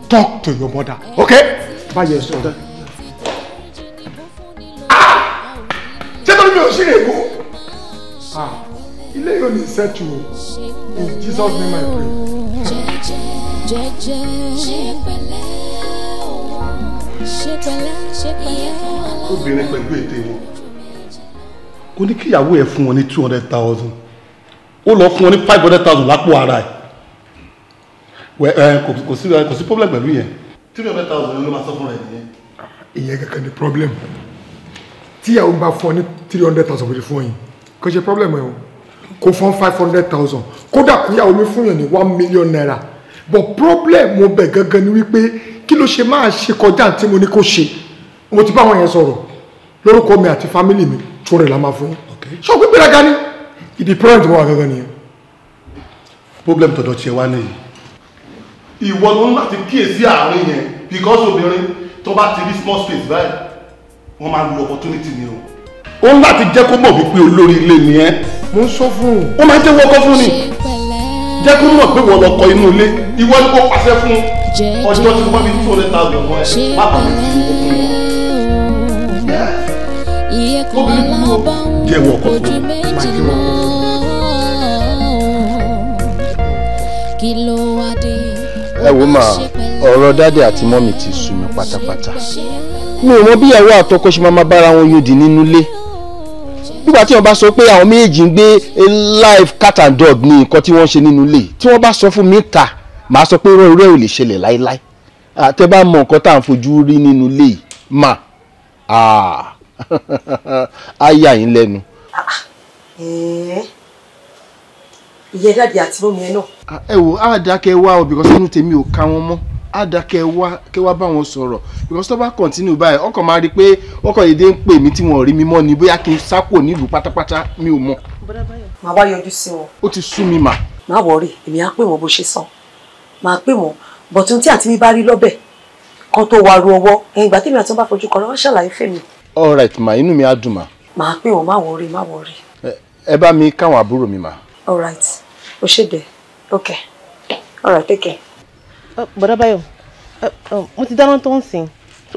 talk to your mother okay Báyọ̀ sọ̀rọ̀ ah! ṣé tó ní mi ò sí rè kó ah! ilé yóò ní sẹ́tù o in Jesus name I pray jẹ́jẹ́ ṣe pẹ̀lẹ́ ṣe pẹ̀lẹ́ ṣe pẹ̀lẹ́. obìnrin pẹ̀lú ète wọn kò ní kíyàwó ẹ̀ fún wọn ní two hundred thousand ó lọ fún wọn ní five hundred thousand lápò ara ẹ̀ kò sí kò sí problem pẹ̀lú yẹn three hundred thousand ló máa sọ fún rẹ̀ nìyẹn. ìyẹn kankan ni problem tíyàwó bá fún ọ ní three hundred thousand kò sí fún yín kò ṣe problem ẹ o kò fún five hundred thousand kódà kúyàwó mi fún yàn ní one million naira but problem mo bẹ̀ gangan ni wípé kí ló ṣe máa ṣe kọjá tí mo ní kó ṣe mo ti bá wọn yẹn sọ̀rọ̀ lórúkọ mi àti family mi tó rẹ̀ la máa fún yín pé gbéraga ni ìdí problem tí mo wà gangan nìyẹn. problem tọ̀dọ̀ tiẹ̀ wá nìyí. ìwọ ló ń láti kíyèsí àárín yẹn because obìnrin tó bá ti rí small space báyìí wọ́n máa lo opportunity ni o ó ń láti jẹ́ kó mọ̀ wípé olórí ilé ni ẹ́. mo ń sọ fún un. ó máa ń jẹ́ wọ́kọ́ fún ni jẹ́ kó mọ̀ pé wọ́n lọ kọ inú ilé ìwọ ni kò pàṣẹ fún ọjọ́ tí wọ́n fi two hundred thousand wọ́n ẹ̀ má bàa fi owó fún wọn. obìnrin kúrò jẹ́ wọ́n kọ́ fún máa kí wọ́n kọ́ fún. ẹ wo máa ọ̀rọ̀ dáàdì àti mọ́mì ti sú mi pátápátá mi ò mọ bí ìyàwó àtọkọ ṣe máa máa bára wọn yóò dì nínú ilé nígbà tí wọ́n bá sọ pé àwọn méjì ń gbé live cat and dog ní nǹkan tí wọ́n ń ṣe nínú ilé tí wọ́n bá sọ fún mi ta màá sọ pé rẹ́rẹ́ ò lè ṣẹlẹ̀ láéláé àtẹ bá mọ nǹkan tá à ń fojú rí nínú ilé mà á yà yín lẹ́nu. Ah, eh, ìyẹn dàbí àti ẹ náà. ẹ wò á dákẹ́ wá o because inú tèmi ò ká wọn mọ́ á da kẹ wá kẹ wá bá wọn sọ̀rọ̀ because tó bá continue báyìí ọkàn máa rí i pé ọkàn yìí dé ń pè mí tí wọn ò rí mi mọ́ ni bóyá kí n sáko nílùú pátápátá mi ò mọ̀. màá wá yọjú sí wọn. ó ti sú mi mà. má wọrí èmi á pè wọn bó ṣe sàn máa pè wọn bọ̀tún tí àti mi bá rí lọ́bẹ̀ kan tó wàá ru ọwọ́ ẹ̀yìn ìgbà tèmi àti wọn bá fojú kan lọ́wọ́ ṣàlàyé fèmí. all right ma inú mi á dùn ma. màá pè wọn má wọrí má wọrí. ẹ bá mi káwọn àbúrò mi mà. all right ó ṣèdè okay all right take care. Eh, bọ̀dá báyọ̀ eh, eh, mo ti dáná tó ń sìn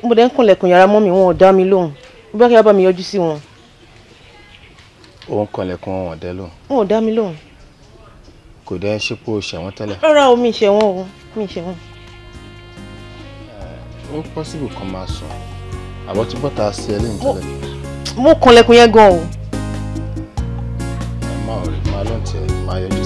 mo dẹ̀ ń kànlẹ̀kùn yàrá mọ́ mi wọn ò dá mi lóhùn bí wọ́n kí wọ́n bá mi yọjú sí wọn. ó ń kànlẹ̀kùn wọn ò dẹ́ lóhùn. wọn ò dá mi lóhùn. kò dẹ́ sípò ṣẹ̀wọ̀n tẹ́lẹ̀. rárá o mi ṣẹ̀wọ̀n o mi ṣẹ̀wọ̀n. ó pọ́sibù kan máa sùn àbọ̀ tí bọ́tà sí ẹ lẹ́yìn tẹ́lẹ̀. mo kànlẹ̀kùn yẹn gan o. ẹ má ò rí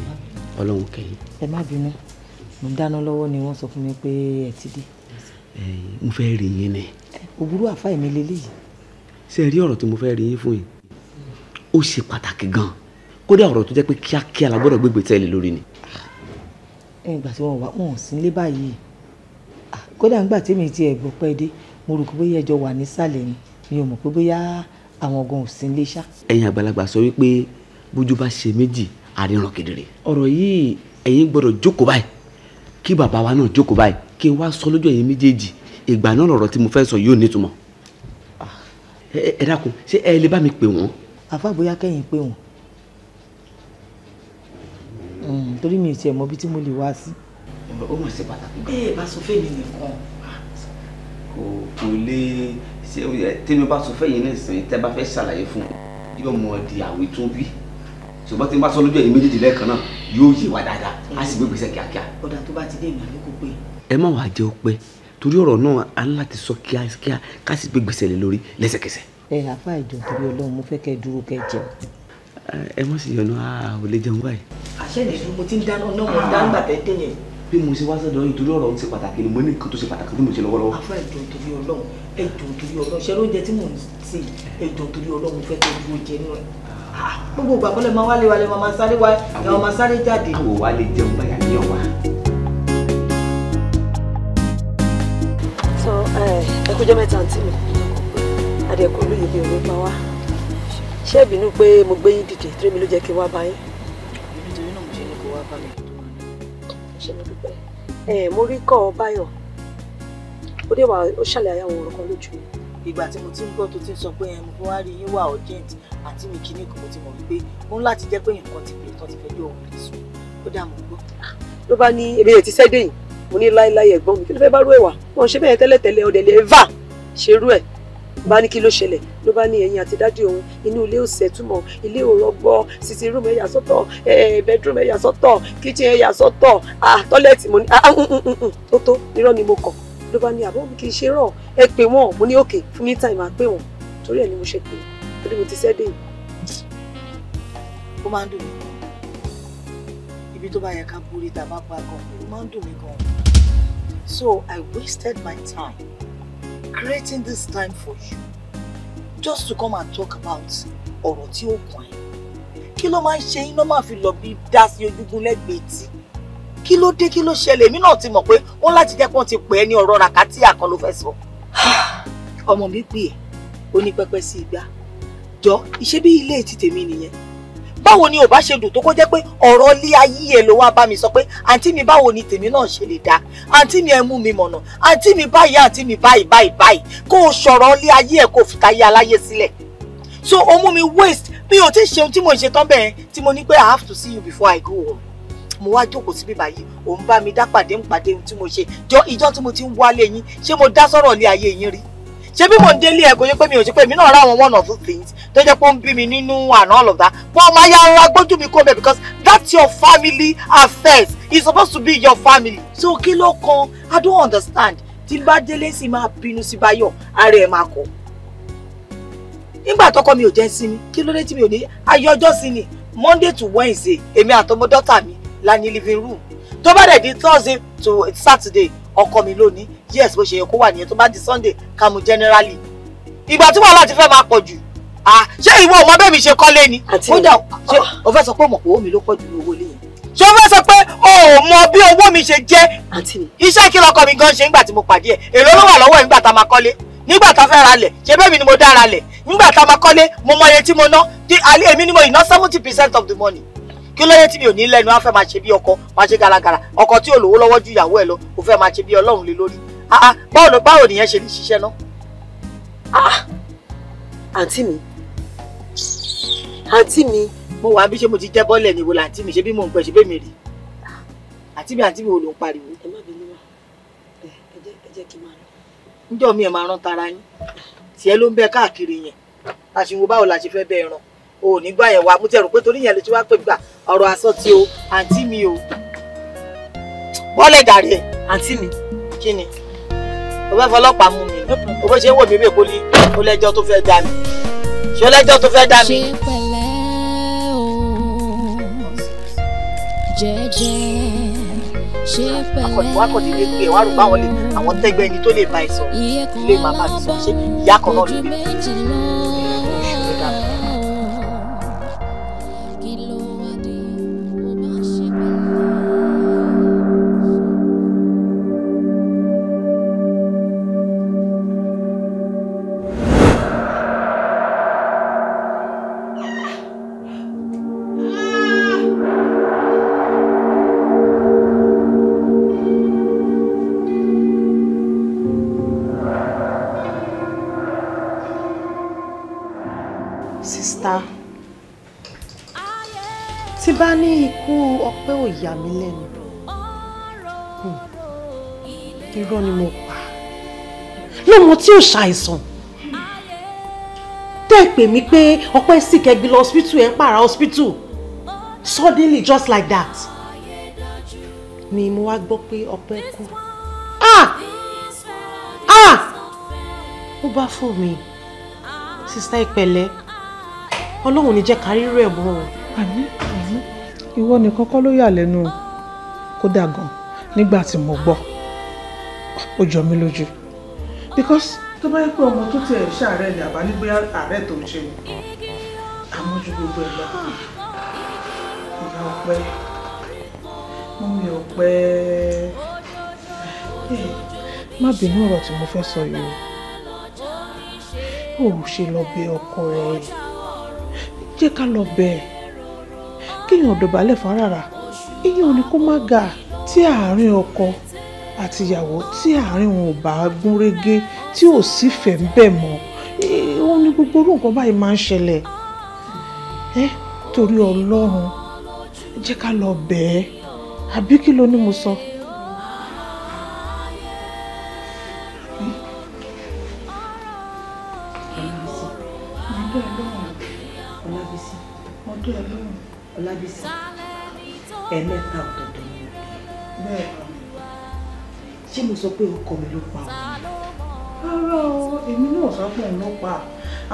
ọlọ́run kẹ́yìn. ẹ má bínú mo dáná lọ́wọ́ ni wọ́n sọ fún mi pé ẹ ti dé. mo fẹ́ rí yín ni. òwúrọ̀ àfa ẹ̀mí leléyìí. ṣé rí ọ̀rọ̀ tí mo fẹ́ rí yín fún yìí ó ṣe pàtàkì gan-an kódà ọ̀rọ̀ tó jẹ́ pé kíákíá la gbọ́dọ̀ gbégbé tẹ́lẹ̀ lórí ni. Ah, ẹ gbà tí wọn wà wọn ò sí nílé báyìí ah, kódà ńgbà tí mi ti ẹ̀ gbọ́ pẹ́ dé mo rò pé bóyá ẹjọ́ wà nísàlẹ̀ ni mi ò mọ̀ pé bóyá àwọn gan ò sí nílé ṣá. ẹ̀yin àgbàlagbà sọ wípé bójú bá ṣe méjì àríran kedere ọ̀rọ̀ yìí ẹ̀yin gbọ́dọ̀ jókòó báyìí kí bàbá wa náà jókòó báyìí kí n wá sọ lójú ẹ̀yin méjèèjì ìgbà náà lọ̀rọ̀ tí mo fẹ́ sọ yóò nítumọ̀ ah. ẹ dákun ṣé ẹ lè bá mi pè wọ́n. àfa bóyá kẹ́yìn pè wọ́n mm, torí mi ò tiẹ̀ mọ ibi tí mo lè wá sí. ó mọ̀ sí pàtàkì gan. bá sọ fẹ́mi nìkan. kò lè ṣe tẹ́mi bá sọ fẹ́yìn náà sìn tẹ́ bá fẹ́ ṣàlàyé fún ṣùgbọ́n tí n bá sọ lójú ẹ̀yìn méjèèjì lẹ́ẹ̀kan náà yóò yé wa dáadáa a sì gbé gbèsè kíákíá. ọ̀dà tó bá ti dé ìmọ̀ àlékún pé. ẹ má wàá jẹ́ ó pẹ́ torí ọ̀rọ̀ náà a ń láti sọ kíákíá ká sì gbé gbèsè lé lórí lẹ́sẹ̀kẹsẹ̀. ẹ àfa ìjọ torí Ọlọ́run mo fẹ́ kẹ́ dúró kẹ́ jẹun. ẹ mọ̀ sí yọnu a ò lè jẹun báyìí. àṣẹ lè dúró mo ti ń dáná náà mo dá nígbà tẹ́ dé yẹn. bí mo ṣe wá sọ́dọ̀ yìí torí ọ̀rọ̀ ń ṣe pàtàkì ni mo ní nǹkan tó ṣe pàtàkì tí mo ṣe lọ́wọ́lọ́wọ́. àfa ìjọ torí Ọlọ́run ẹjọ torí Ọlọ́run ṣe lóúnjẹ tí mò ń sè ẹjọ torí Ọlọ́run fẹ́ kẹ́ dúró jẹ náà. Ah, gbogbo ìgbà kọ́lẹ̀ máa wálé wálé máa sáré wá ìyàwó máa sáré jáde. àwọn wa lè jẹun báyà ní ọwà. so ẹ kú jẹ́ mẹ́ta àǹtí mi adẹ̀kú olóyè bíi òwe pa wá ṣé ìbínú pé mo gbé yín dìde torí mi ló jẹ́ kí n wá bá yín. nítorí náà mo ṣe ní kó wá bá mi. ṣé mo dúpẹ́ rí kọ́ ọ báyọ̀ ó ṣàlàyé àwọn ọ̀rọ̀ kan lójú mi ìgbà tí mo ti ń gbọ́ tó ti ń sọ pé ẹ mo fi wá rí yín wà urgent àti mi kì í ní ìkọ̀kọ̀ tí mo rí pé ó ń láti jẹ́ pé nǹkan ti pè tán ti fẹ́ dé òun lè sùn ó dà mọ́ gbọ́. ló bá ní èmi ò ti sẹ́ déyìn mo ní láéláé ẹ̀gbọ́n mi kí ló fẹ́ bá rú ẹ̀wà wọn ṣe bẹ́ẹ̀ tẹ́lẹ̀tẹ́lẹ̀ ọ̀dẹ̀ lè va ṣe rú ẹ̀ bá ní kí ló ṣẹlẹ̀ ló bá ní ẹ̀yìn àti dádì òun inú ilé ò sẹ́túmọ̀ ilé ò rọgbọ sisi rúùmù ẹ̀yà sọ́tọ̀ bẹ́dúrúmù ẹ̀yà sọ́tọ̀ kíchìn ẹ̀yà sọ́tọ̀ ah, tọ́lẹ̀tì mo ní tó ah, mm, mm, mm, tó irọ́ ni mo kọ̀ ló bá ní àbọ̀ kì í ṣe rọ̀ ẹ pè wọ́n mo ní òkè fún ní táìmù àpè wọ́n torí ẹ̀ ni mo ṣe pè wọ́n torí mo ti sẹ́dẹ̀ yìí. ó máa ń dùn mí ibi tó bá yẹ ká borí tá bá pa gan ó máa ń dùn mí gan so I wasted my time creating this time for you just to come and talk about ọ̀rọ̀ tí ó kàn ẹ́ kí ló máa ń ṣe yín ló máa fi lọ bí dá sí ojúgun lẹ́gbẹ̀ẹ́ tí kí ló dé kí ló ṣẹlẹ̀ èmi náà ti mọ̀ pé wọ́n láti jẹ́ pọ́n ti pè é ní ọ̀rọ̀ ràkátì àkan ló fẹ́ sọ. ọmọ mi pè é ó ní pẹpẹ sí igbá jọ ìṣe bí ilé ti tèmi nìyẹn báwo ni ò bá ṣe dùn tó kó jẹ́ pé ọ̀rọ̀ lé ayé ẹ̀ ló wá bá mi sọ pé àǹtí mi báwo ni tèmi náà ṣe lè dáa àǹtí mi ẹ mú mi mọ̀nà àǹtí mi báyìí àǹtí mi báyìí báyìí báyìí kó o ṣọ̀rọ̀ lé ayé ẹ̀ kó o fi tayé aláyé sílẹ̀ so o mú mi waste mi ò tí ì ṣe ohun tí mo ṣe tán bẹ́ẹ̀ tí mo ní pé I have to see you before I go home mo wá jókòó síbí báyìí òun bá mi dá pàdé ń pàdé ohun tí mo ṣe jọ ìjọ tí mo ti ń wálé yín ṣé mo dá sọ̀rọ̀ lé ayé yín rí ṣé bí mò ń délé ẹ̀ kò pé mi ò ṣe pé mi náà ráwọn one of two things tó jẹ́ pé ó ń bí mi nínú and all of that but ọmọ ayé ara gbójú mi kó bẹ̀ because that's your family affairs it's supposed to be your family. so kí ló kan i don't understand tí bá délé sì máa bínú sí báyọ̀ ara ẹ̀ máa kọ̀ nígbà tọkọ mi ò jẹ́ sinmi kí ló dé tí mi ò ní ayé ọjọ́ sí monday to wednesday èmi àtọmọ dọ́tà mi la ní living room tó bá dẹ̀ di thursday to saturday ọkọ mi lónìí yes bó ṣe yẹ kó wà nìyẹn tó bá di sunday ká generally ìgbà tí wàhálà ti fẹ́ máa pọ̀ jù ah ṣé ìwọ ọmọ bẹ́ẹ̀ mi ṣe kọ́lé ni kódà ṣé ah. o fẹ́ sọ pé mọ̀pọ̀ omi ló pọ̀ jù owó lé yẹn. ṣé o fẹ́ sọ pé o ò mọ bí owó mi ṣe jẹ́ iṣẹ́ kí lọkọ mi gan ṣe nígbà tí mo pàdé ẹ̀ èrò ló wà lọ́wọ́ ẹ̀ nígbà tá a máa kọ́lé nígbà tá a fẹ́ ra lẹ̀ ṣe bẹ́ẹ̀ mi ni mo dára lẹ̀ nígbà tá a máa kọ́lé mo mọ iye tí mo ná di èmi ni mo ì seventy percent of the money kí ló yẹ tí mi ò ní lẹ́nu á fẹ́ máa ṣe bí ọkọ máa ṣe garagara ọkọ tí olówó lọ́wọ́ ju ìyàwó ẹ̀ lọ kò fẹ́ máa ṣe bí ọlọ́run lé lórí ah, ah, báwo báwo nìyẹn ṣe ní ṣiṣẹ́ náà. Ah, àǹtí mi àǹtí mi. mo wà bí ṣe mo ti mi ṣe bí mo ń pẹ́ ṣe pariwo. ẹ mi máa rán tara yín ló ń bẹ káàkiri yẹn àṣìwò báwo la o ò ní gbà yẹn wá mo ti rò pé torí yẹn ló ti wá pè gbà ọ̀rọ̀ asọ ti o àǹtí mi o bọ́lẹ̀ dàrí ẹ̀ àǹtí mi kí ni o fẹ́ fọlọ́pàá mú mi o bó ṣe ń wò mí bí èkó ní o lẹ́jọ́ tó fẹ́ dá mi ṣé o lẹ́jọ́ tó fẹ́ dá mi. ṣé pẹ̀lẹ́ o jẹ́jẹ́ ṣe pẹ̀lẹ́ wá kàn nílé pé wá rò báwọn lè àwọn tẹ́gbẹ́ ẹni tó lè bá ẹ sọ lè má bá mi tí ò ṣàìsàn tẹ́ ẹ pè mí pé ọpẹ́ sì kẹgbẹ́ lọ hospital ẹ̀ ń pààrà hospital suddenly just like that ni mo wá gbọ́ pé ọpẹ́ kú ah ah ó bá fún mi sista ìpẹ̀lẹ́ ọlọ́run ní jẹ́ kárí rẹ̀ mọ́ o. àmín àmín ìwọ nìkan kọ́ ló yà lẹ́nu kódà gan nígbà tí mo gbọ́ ó jọ mí lójú because tó bá yẹ pé ọmọ tó tiẹ̀ ṣàárẹ̀ ni àbá ní bóyá àárẹ̀ tó ń ṣe ni àmọ́ ju gbogbo ẹ̀ lọ ìyá ọpẹ́ mọ́mí ọpẹ́ má bínú ọ̀rọ̀ tí mo fẹ́ sọ yìí o ò ṣe lọ bẹ̀ ọkọ ẹ jẹ́ ká lọ bẹ̀ kéèyàn dọ̀bálẹ̀ fún rárá ìyẹn ò ní kó má ga tí àárín ọkọ àtìyàwó tí àárín wọn ò bá gúnrégé tí ò sì fẹ́ bẹ́ẹ̀ mọ́ ó ní gbogbo orú nǹkan báyìí máa ń ṣẹlẹ̀ ẹ́ torí ọlọ́run jẹ́ ká lọ bẹ̀ẹ́ àbí kí ló ní mo sọ. ọlábísí ẹ̀ẹ́mẹ́ta ọ̀tọ̀ọ̀tọ̀ ni mo bẹ̀ẹ́ ṣé mo sọ pé ọkọ mi ló pa òun rárá o èmi náà sọ pé òun ló pa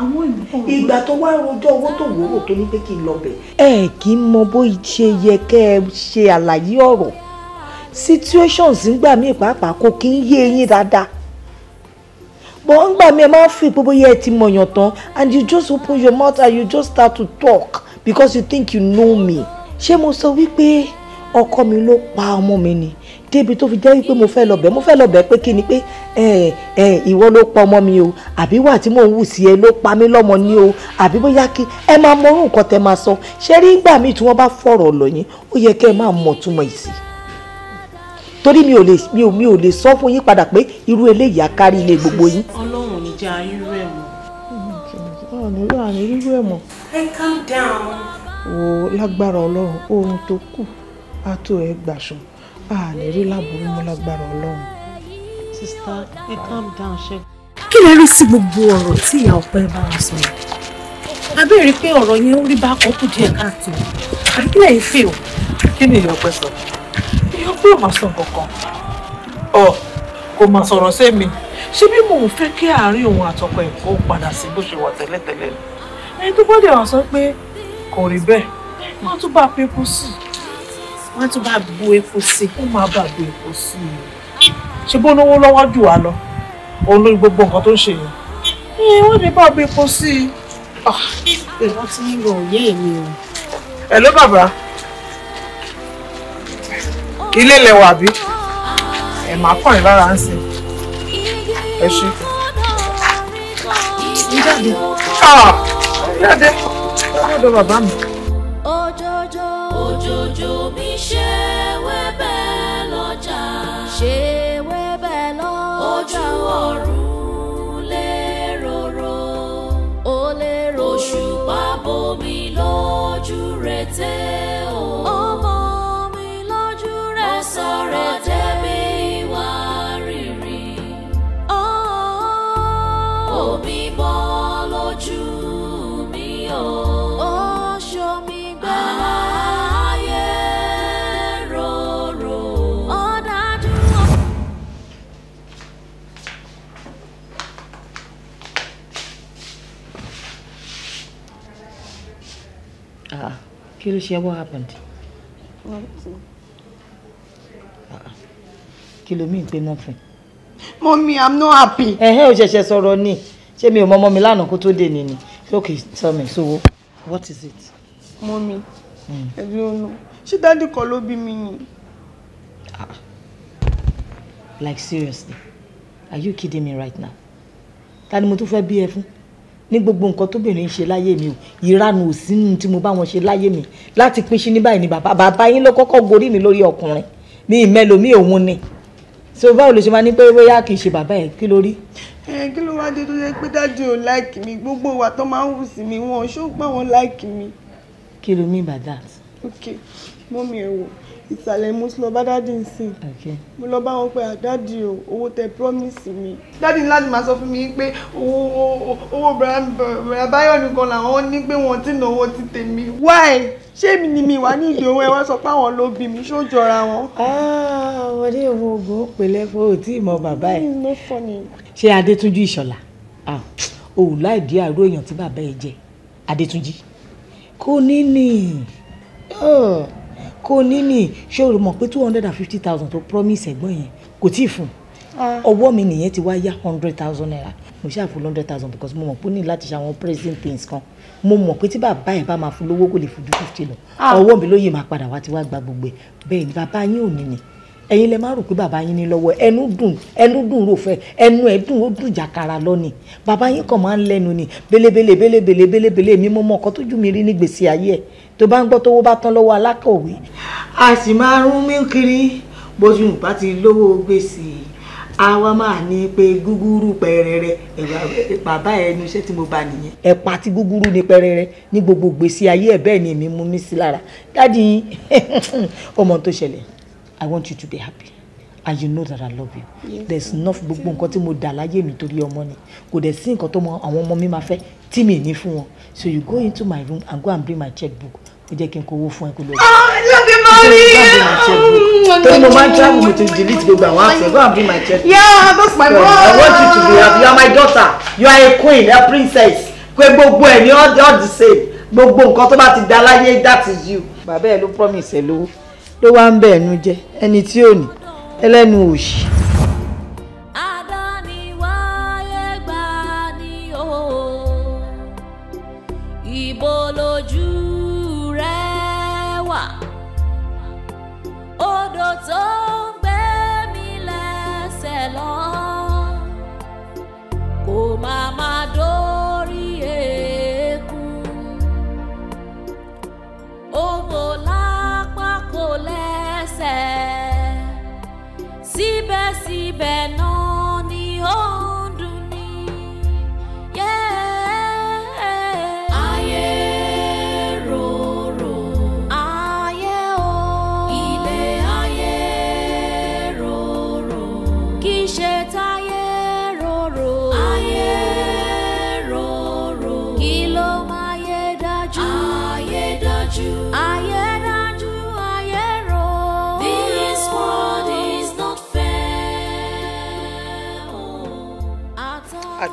àwọn ìmọ̀ ìgbà tó wá rojọ́ owó tó wúrò tó ní pé kí n lọ ẹ kì í mọ bó ṣe yẹ kẹ́ ẹ ṣe àlàyé ọ̀rọ̀ situations ńgbà míì pàápàá kò kí ń yé eyín dáadáa but ńgbà míì ẹ máa ń fi ìpò bóyá ẹ ti mọ̀yàn tán and you just open your mouth and you just start to talk because you think you know me ṣé mo sọ wípé ọkọ mi ló pa ọmọ mi ni débi tó fi jẹ́ pé mo fẹ́ lọ bẹ̀ mo fẹ́ lọ bẹ̀ pé kí ni pé ẹ ẹ ìwọ ló pa ọmọ mi o àbí wà tí mò ń wù sí ẹ ló pa mí lọ́mọ ni o àbí bóyá kí ẹ máa mọrú nǹkan tẹ máa sọ ṣé rí ìgbà míì tí wọ́n bá fọ̀rọ̀ lọ yín ó yẹ kẹ́ ẹ máa mọ̀ túmọ̀ ìsì torí mi ò lè mi ò mi ò lè sọ fún yín padà pé irú eléyìí akárí ilé gbogbo yín. ọlọ́run ní já irú ẹ̀ mọ́. ọ̀nà ìlú àná irú ẹ̀ mọ́. ẹ calm down. wò lágbára ọlọ́run oorun tó kù á ẹ gbàṣọ a lè rí láburú mú lágbára ọlọ́run. sista ẹ calm down ṣe. kí lẹ rí sí gbogbo ọ̀rọ̀ tí ìyá ọ̀pẹ bá wa sọ yìí abẹ́rẹ́ pé ọ̀rọ̀ yẹn ó rí bá kọ́ kù díẹ̀ káàtó àbí kí lẹ́yìn fè o. kí ni ìyá ọ̀pẹ sọ ìyá ọ̀pẹ ò máa sọ kankan ọ kò máa sọ̀rọ̀ sẹ́mi ṣé bí mò ń fẹ́ kí àárín òun àtọkọ ẹ̀ kó padà sí bó ṣe wà tẹ́lẹ̀tẹ́lẹ̀ ẹni tó bá lè wá sọ pé kò rí bẹ́ẹ̀ wọ́n tún bá pépú sí i wọ́n á tún bá bu epo sí i. ó máa bá bu epo sí i. ṣé bó lówó lọ́wọ́ jù wá lọ òun lórí gbogbo nǹkan tó ń ṣe yẹn. ẹ wọ́n ti bá bu epo sí i. ìwọ ah, ti ń lọ òye mi o. ẹ ló bàbá ilé ilẹ̀ wà bí ẹ máa kàn yín lára ń sìn ẹ ṣe. ń jáde. ń ah, jáde. ọ̀dọ̀ bàbá mi òjòjò mi ṣe wẹ́bẹ̀ lọ́jà. ṣe wẹ́bẹ̀ lọ́jà. ojú ọ̀run lè rorò. ó lè rorò. òṣùpá bomi lójú rẹ̀ tẹ́. kí ló ṣe what happened. Ah, kí ló mí pé nothing. mọ́mí i'm not happy. ẹ̀hẹ́ ò ṣẹ̀ṣẹ̀ sọ̀rọ̀ ni ṣé mi ò mọ ọmọ mi lánàá kó tó dé ni ni okay tell me so what is it. mọ́mí hmm. I don't know. She kan ló bí mi ni. Ah, like seriously are you kidding me right now ta ni mo tún fẹ́ bí ẹ fún ní gbogbo nǹkan tóbìnrin ń ṣe láyé mi o ìranù ò sínú tí mo bá wọn ṣe láyé mi láti pín ní báyìí ni bàbá bàbá yín ló kọ́kọ́ gorí mi lórí ọkùnrin mi ìmẹ́lòmí òun ni so báwo ló ṣe máa ní pé bóyá kì í ṣe bàbá ẹ kí ló rí. ẹ kí ló wáá dé tó jẹ pé dájú ò láìkì mi gbogbo ìwà tó máa ń hù sí mi wọn ò ṣó pé wọn láìkì mi. kí ló mean by that. ok mọ́mí ẹ̀ wò ìsàlẹ̀ mo ti lọ bá dádì ń sìn mo lọ bá wọn pé àdádì o owó tẹ promise mi dádì ní láti máa sọ fún mi pé owó owó bàbáyọ̀ nìkan làwọn ní pé wọ́n ti náwó ti tèmi why ṣé èmi ni mi wà ní ìdí owó ẹ wá sọ pé àwọn ló bí mi ṣó jọra wọn. Ah, ọmọdé wo oògùn òpèlè fún òtí ìmọ̀ bàbá ẹ̀ ṣé adétúnjú ìṣọ̀lá ah, òun láì dí àrò èèyàn tí bàbá ẹ jẹ adétúnjí kò ní nì kò ní ní ṣé o mọ̀ pé two hundred and fifty thousand tó promise ẹ̀gbọ́n yẹn kò tí ì fún ah. ọwọ́ mi nìyẹn ti wá yá hundred thousand naira mo ṣáà fún hundred thousand because mo mọ̀ pé ó ní láti ṣe àwọn present things kan mo mọ̀ pé tí bàbá ẹ̀ bá máa fún lówó kò lè fún ju fifty lọ ah. ọwọ́ mi ló yẹ máa padà wá ti wá gba gbogbo ẹ̀ bẹ́ẹ̀ ni bàbá yín ò ní ni ẹ̀yin lẹ máa rò pé bàbá yín ní lọ́wọ́ ẹnu dùn ẹnu dùn rò fẹ́ ẹnu ẹ̀ dùn ó dùn jàkàrà ni bàbá yín kàn máa ń lẹ́nu ni belebele belebele belebele mi mo mọ ọkọ tójú mi rí ní gbèsè ayé ẹ̀ tó bá ń gbọ́ tówó bá tán lọ́wọ́ alákọ̀wé. a sì máa rún mí kiri bó ti nùpá ti lówó gbèsè àwa máa ní pé gúgúrú pẹrẹrẹ bàbá ẹnu iṣẹ́ tí mo bá nìyẹn. ẹ̀pà àti gúgúrú ni pẹrẹrẹ ní gbogbo gbèsè ayé ẹ̀ bẹ́ẹ̀ ni èmi mú mi sí lára dáàdi ọmọ tó ṣẹlẹ̀ I want you to be happy and you know that I love you yes. there is enough gbogbo nǹkan tí mo dà láyé mi torí ọmọ ni kò dẹ̀ sí nǹkan tó mọ àwọn ọmọ mi máa fẹ́ tí mi ní fún wọn so you go into my room and go and bring my checkbook ó jẹ́ kí n kówó fún ẹ kó lọ. lọ́bí mo rí torí mo máa ń travel mo ti delete gbogbo àwọn apps go and bring my checkbook. yeah that's my boy. I want you to be happy you are my daughter you are a queen a princess pé gbogbo ẹ̀ ni all the same gbogbo nǹkan tó bá ti dá láyé that is you. bàbá ẹ ló promise ẹ lówó ló wá ń bẹ ẹnu jẹ ẹni tí ò ní ẹlẹ́nu òṣì.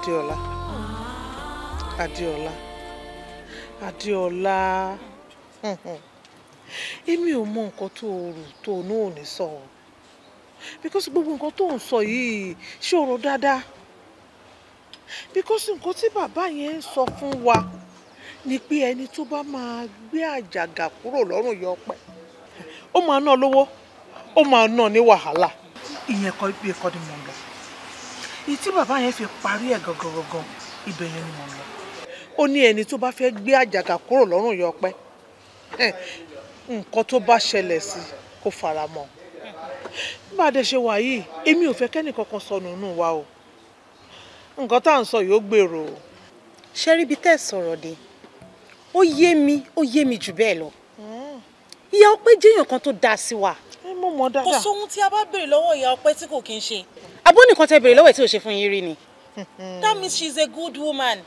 Adiola, adiola, adiola. èmi ò mọ nǹkan tó o rò tó o náà ò sọ o because gbogbo nǹkan tó ń sọ yìí ṣòro dáadáa because nǹkan tí bàbá yẹn ń sọ fún wa ni pé ẹni tó bá máa gbé àjàgà kúrò lọ́rùn yọ ọpẹ ó máa ná lówó ó máa ná ní wàhálà ìyẹn kọ́ ibi ẹ̀kọ́ ni mò ń ìyí tí bàbá yẹn fi parí ẹ̀ gangan gangan ibẹ̀ yẹn ni mò ń lọ. ó ní ẹni tó bá fẹ́ gbé àjàgà kúrò lọ́rùn yọ pẹ́ nǹkan tó bá ṣẹlẹ̀ sí kó fara mọ́ bá a dẹ̀ ṣe wà yìí èmi ò fẹ́ kẹ́nì kankan sọnù nù wa o nǹkan tá à ń sọ yìí ó gbèrò o. ṣé ríbi tẹ́ ẹ̀ sọ̀rọ̀ dé ó yé mi ó yé mi jù bẹ́ẹ̀ lọ hmm. ìyá ó jẹ́yàn kan tó dáa sí wa mo mọ̀ dáadáa. kò sóhun tí a bá béèrè lọ́wọ́ ìyá ọpẹ́ tí kò kí n ṣe. àbó tẹ béèrè lọ́wọ́ ẹ̀ tí ò ṣe fún yín rí ni. that means she is a good woman.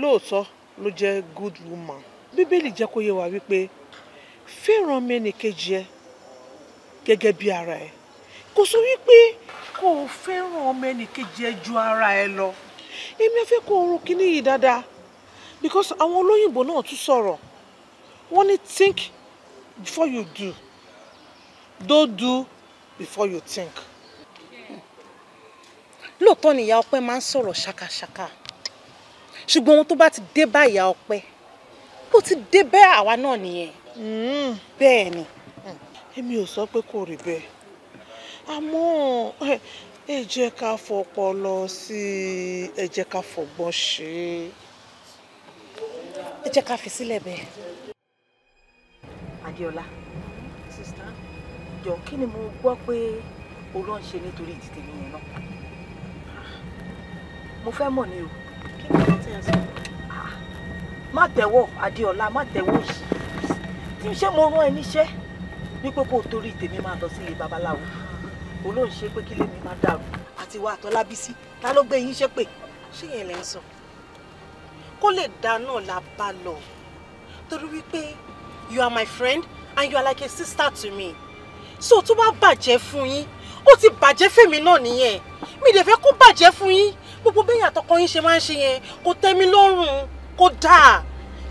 lóòótọ́ ló jẹ́ good woman bíbélì jẹ́ kó yé wa wípé fẹ́ràn mẹ́nìkejì ẹ gẹ́gẹ́ bí ara ẹ kò sọ wípé kò fẹ́ràn ọmọ ẹnìkejì ẹ ju ara ẹ lọ èmi fẹ́ kó oorun kíní yìí dáadáa because àwọn olóyìnbó náà tún sọ̀rọ̀ wọ́n ní think before you do don't do before you think. lóòótọ́ ni ìyá ọpẹ́ máa ń sọ̀rọ̀ ṣàkàṣàkà ṣùgbọ́n ohun tó bá ti dé bá ìyá ọpẹ́ ó ti dé bẹ́ẹ̀ àwa náà nìyẹn. Hmm. bẹ́ẹ̀ ni èmi ò sọ pé kò rí bẹ́ẹ̀ àmọ́ ẹ jẹ́ ká fọpọlọ sí ẹ jẹ́ ká fọgbọ́n ṣe é. ẹ jẹ́ ká fi sílẹ̀ bẹ́ẹ̀. Adéọlá jọ kí ni mo gbọ́ pé o lọ ń ṣe nítorí ìdíje mi náà mo fẹ́ mọ̀ ni o kí ni wọ́n ti ẹ̀ sọ. Ah, má tẹ̀wọ́ adéọlá má tẹ̀wọ́ òsì tí ṣé mo rán ẹ níṣẹ́ wípé kó o torí tèmi máa lọ sílé babaláwo o ló ń ṣe pé kí lèmi máa dàrú àti wa àtọ́lábísí ta ló gbé yín ṣe pé. ṣé yẹn lẹ ń sọ kó lè dá náà la bá lọ torí wípé you are my friend and you are like a sister to me so tó bá bàjẹ́ fún yín ó ti bàjẹ́ fèmi náà nìyẹn mi lè fẹ́ kó bàjẹ́ fún yín gbogbo bẹ́yìn àtọkọ yín ṣe máa ń ṣe yẹn kò tẹ́mi lọ́rùn kò dáa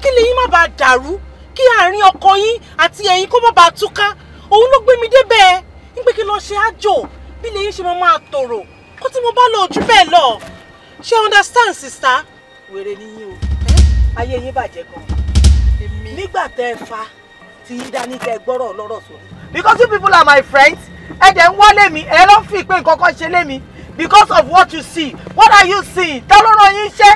kí lè yín má bàa dàrú kí àárín ọkọ yín àti ẹ̀yin kó má bàa túká òun ló gbé mi débẹ̀ ń pé kí lọ ṣe àjò bí lè yín ṣe máa máa tòrò kó tí mo bá lọ ojú bẹ́ẹ̀ lọ ṣé understand sister wèrè nìyí o ayé yín bàjẹ́ gan-an nígbà tẹ́ ẹ fa tí yín dání tẹ́ gbọ́rọ̀ lọ́rọ̀ sórí because you people are my friends and then ń wálé mi ẹ lọ́ fi pé nǹkan kan ṣe lé mi because of what you see what are you seeing ta ló rán yín ṣẹ́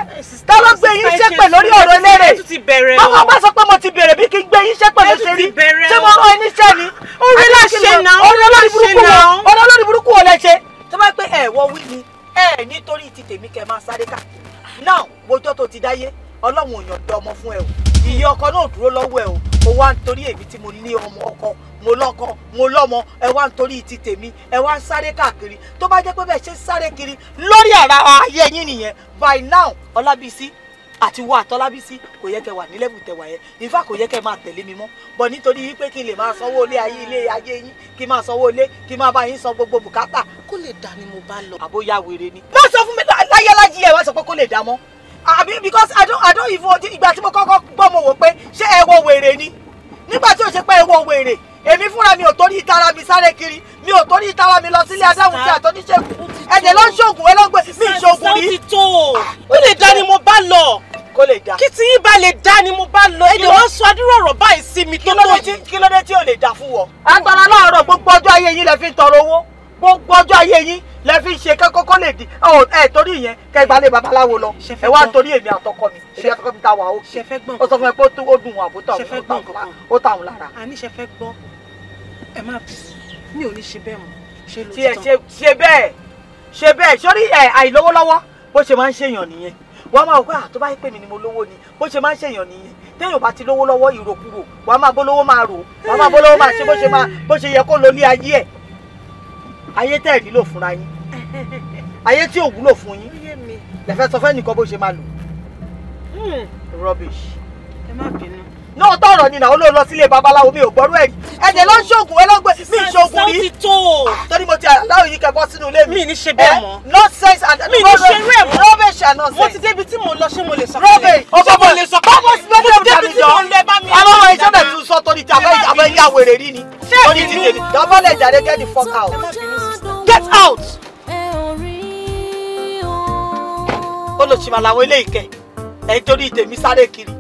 ta ló gbé yín ṣẹ́ pẹ̀ lórí ọ̀rọ̀ eléré báwo ọgbà sọ pé mo ti bẹ̀rẹ̀ bí kí n gbé yín ṣẹ́ pẹ̀ ló ṣe rí ṣé mo rán yín ṣẹ́ ni orí láṣẹ náà orí olórí burúkú wọn orí olórí burúkú wọn lẹ ṣe tó bá pẹ́ ẹ̀ wọ wí ni ẹ̀ nítorí ti tèmi kẹ́ máa sáré ká náà wojọ́ tó ti dáyé ọlọ́run ò yàn ọmọ fún ẹ o ìyá ọkọ náà dúró lọ́wọ́ ẹ o o wá ń torí èmi tí mo ní ọmọ ọkọ mo lọ́kọ mo lọ́mọ ẹ wá ń torí ti tèmi ẹ wá ń sáré káàkiri tó bá jẹ́ pé bẹ́ẹ̀ ṣe ń sáré kiri lórí ara ayé yín nìyẹn by now ọlábísí àti wo àtọ́lábísí kò yẹ kẹ wà ní level tẹ̀wà yẹn ìfà kò yẹ kẹ máa tẹ̀lé mi mọ́ bọ̀ nítorí wípé kí n lè máa sanwó ilé ayé ilé ayé yín kí n máa sanwó ilé kí n máa bá yín san gbogbo bùkátà kó lè dà ni mo bá lọ. àbóyá wèrè ni. má sọ fún mi láyé lájí ẹ wá sọ pé kó lè dà mọ́ àbí because i don't i don't even ìgbà tí mo kọ́kọ́ gbọ́ mo wò pé ṣé ẹ wo wèrè ni nígbà tí o ṣe pé ẹ wo wèrè èmi fúnra mi ò torí ìtara mi sáré kiri mi ò torí ìtara mi lọ sílé adáhùn tí àtọ́níṣègùn ẹ̀jẹ̀ ló ń ṣoògùn ẹ ló ń gbé mi ìṣoògùn rí. ó lè dá ni mo bá lọ kó lè dá. kí ti yín bá lè dá ni mo bá lọ èdè wọn sọ adúrò ọ̀rọ̀ báyìí sí mi tó tó yìí. kí ló dé tí ò lè dá fún wọ. àtọ̀rọ̀ náà rọ̀ gbogbo ọjọ́ ayé yín lẹ fi ń tọrọ owó gbogbo ọjọ́ ayé yín lẹ fi ṣe kọ́kọ́ lè di ẹ torí ìyẹn kẹgbàlẹ̀ babaláwo lọ ẹ wá torí èmi àtọkọ mi èmi àtọkọ mi ta wà ó ó sọ fún mi pé ó dùn wọn àbótọ ó tà wọn lára. àní ṣe fẹ́ gbọ́ ẹ má bì mí ò ní ṣe bẹ́ẹ̀ mọ́ ṣe ló tán. ṣe bẹ́ẹ̀ ṣe bẹ́ẹ̀ sórí àìlówólọ́wọ́ bó ṣe máa ń ṣèyàn nìyẹn wàá máa gbà tó bá pé mi ni mo lówó ni bó ṣe máa ń ṣèyàn nìyẹn téèyàn bá ti lówó lọ́wọ́ ìròkúrò wàá máa bólówó máa rò wàá máa bólówó máa ṣe bó ṣe yẹ kó lo ní ayé ẹ̀ ayé tẹ́ ẹ̀ nílò fúnra yín ayé tí ò wúlò fún yín lẹ́fẹ̀ẹ́ sọ fẹ́ nìkan bó ṣe máa lò hmm. rubbish. ẹ má bínú lóòótọ́ ọ̀rọ̀ ni nàá olóòó lọ sílé babaláwo mi ò gbọ́rú ẹ̀rí ẹ̀jẹ̀ ló ń ṣoògùn ẹlọ́gbẹ́ mi ń ṣoògùn rí ah, torí mo ti aláwọ̀ yìí kẹ́ sínú ilé mi mi ní ṣe bẹ́ẹ̀ eh, mọ́ nonsense and mi ní mo ti débi tí mo lọ ṣé mo lè sọ rubbish ọkọ mo lè sọ báwo sí bẹ́ẹ̀ débi tí mo lọ bá mi àwọn ọmọ ìṣẹ́ bẹ̀ sọ torí ti àbẹ́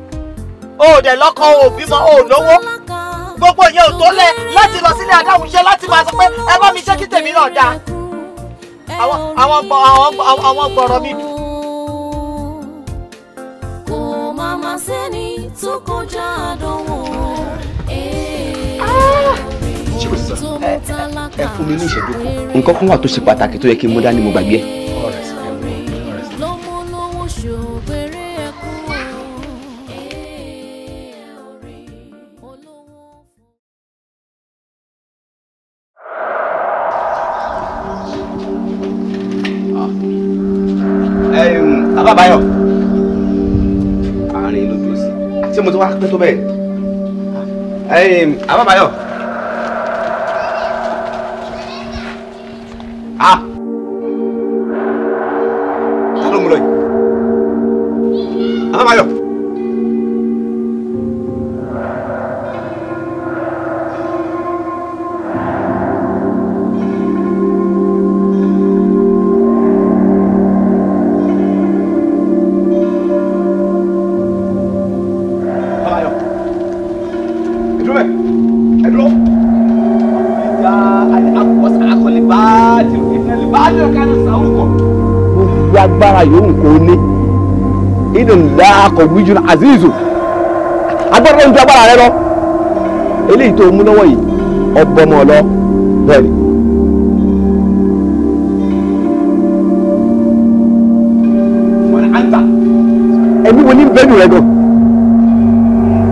o dẹ̀ lọ́kọ o bímọ o lówó gbogbo yẹn ò tó lẹ láti lọ sílé adáhùn láti máa sọ pé ẹ bá mi ṣe kí tèmi náà dáa àwọn àwọn gbọ̀rọ̀ mi dùn. kò má sẹ́ni tó kọjá àdánwò ẹ fún mi ní ìṣẹ́jú kan nǹkan kan wà tó ṣe pàtàkì tó yẹ kí n mú dání mo gbàgbé bàbáyọ̀ àárín lójú sí tí mo ti wá pẹ́ tó bẹ́ẹ̀ àbábáyọ̀. Ah, akọ̀wéjú náà azizu agbára ló ń ju agbára rẹ lọ eléyìí tó mú lọ́wọ́ yìí ọgbọ́mọ lọ bẹ́ẹ̀ ni. ẹ̀mí wo ní bẹ́ẹ̀nù rẹ gan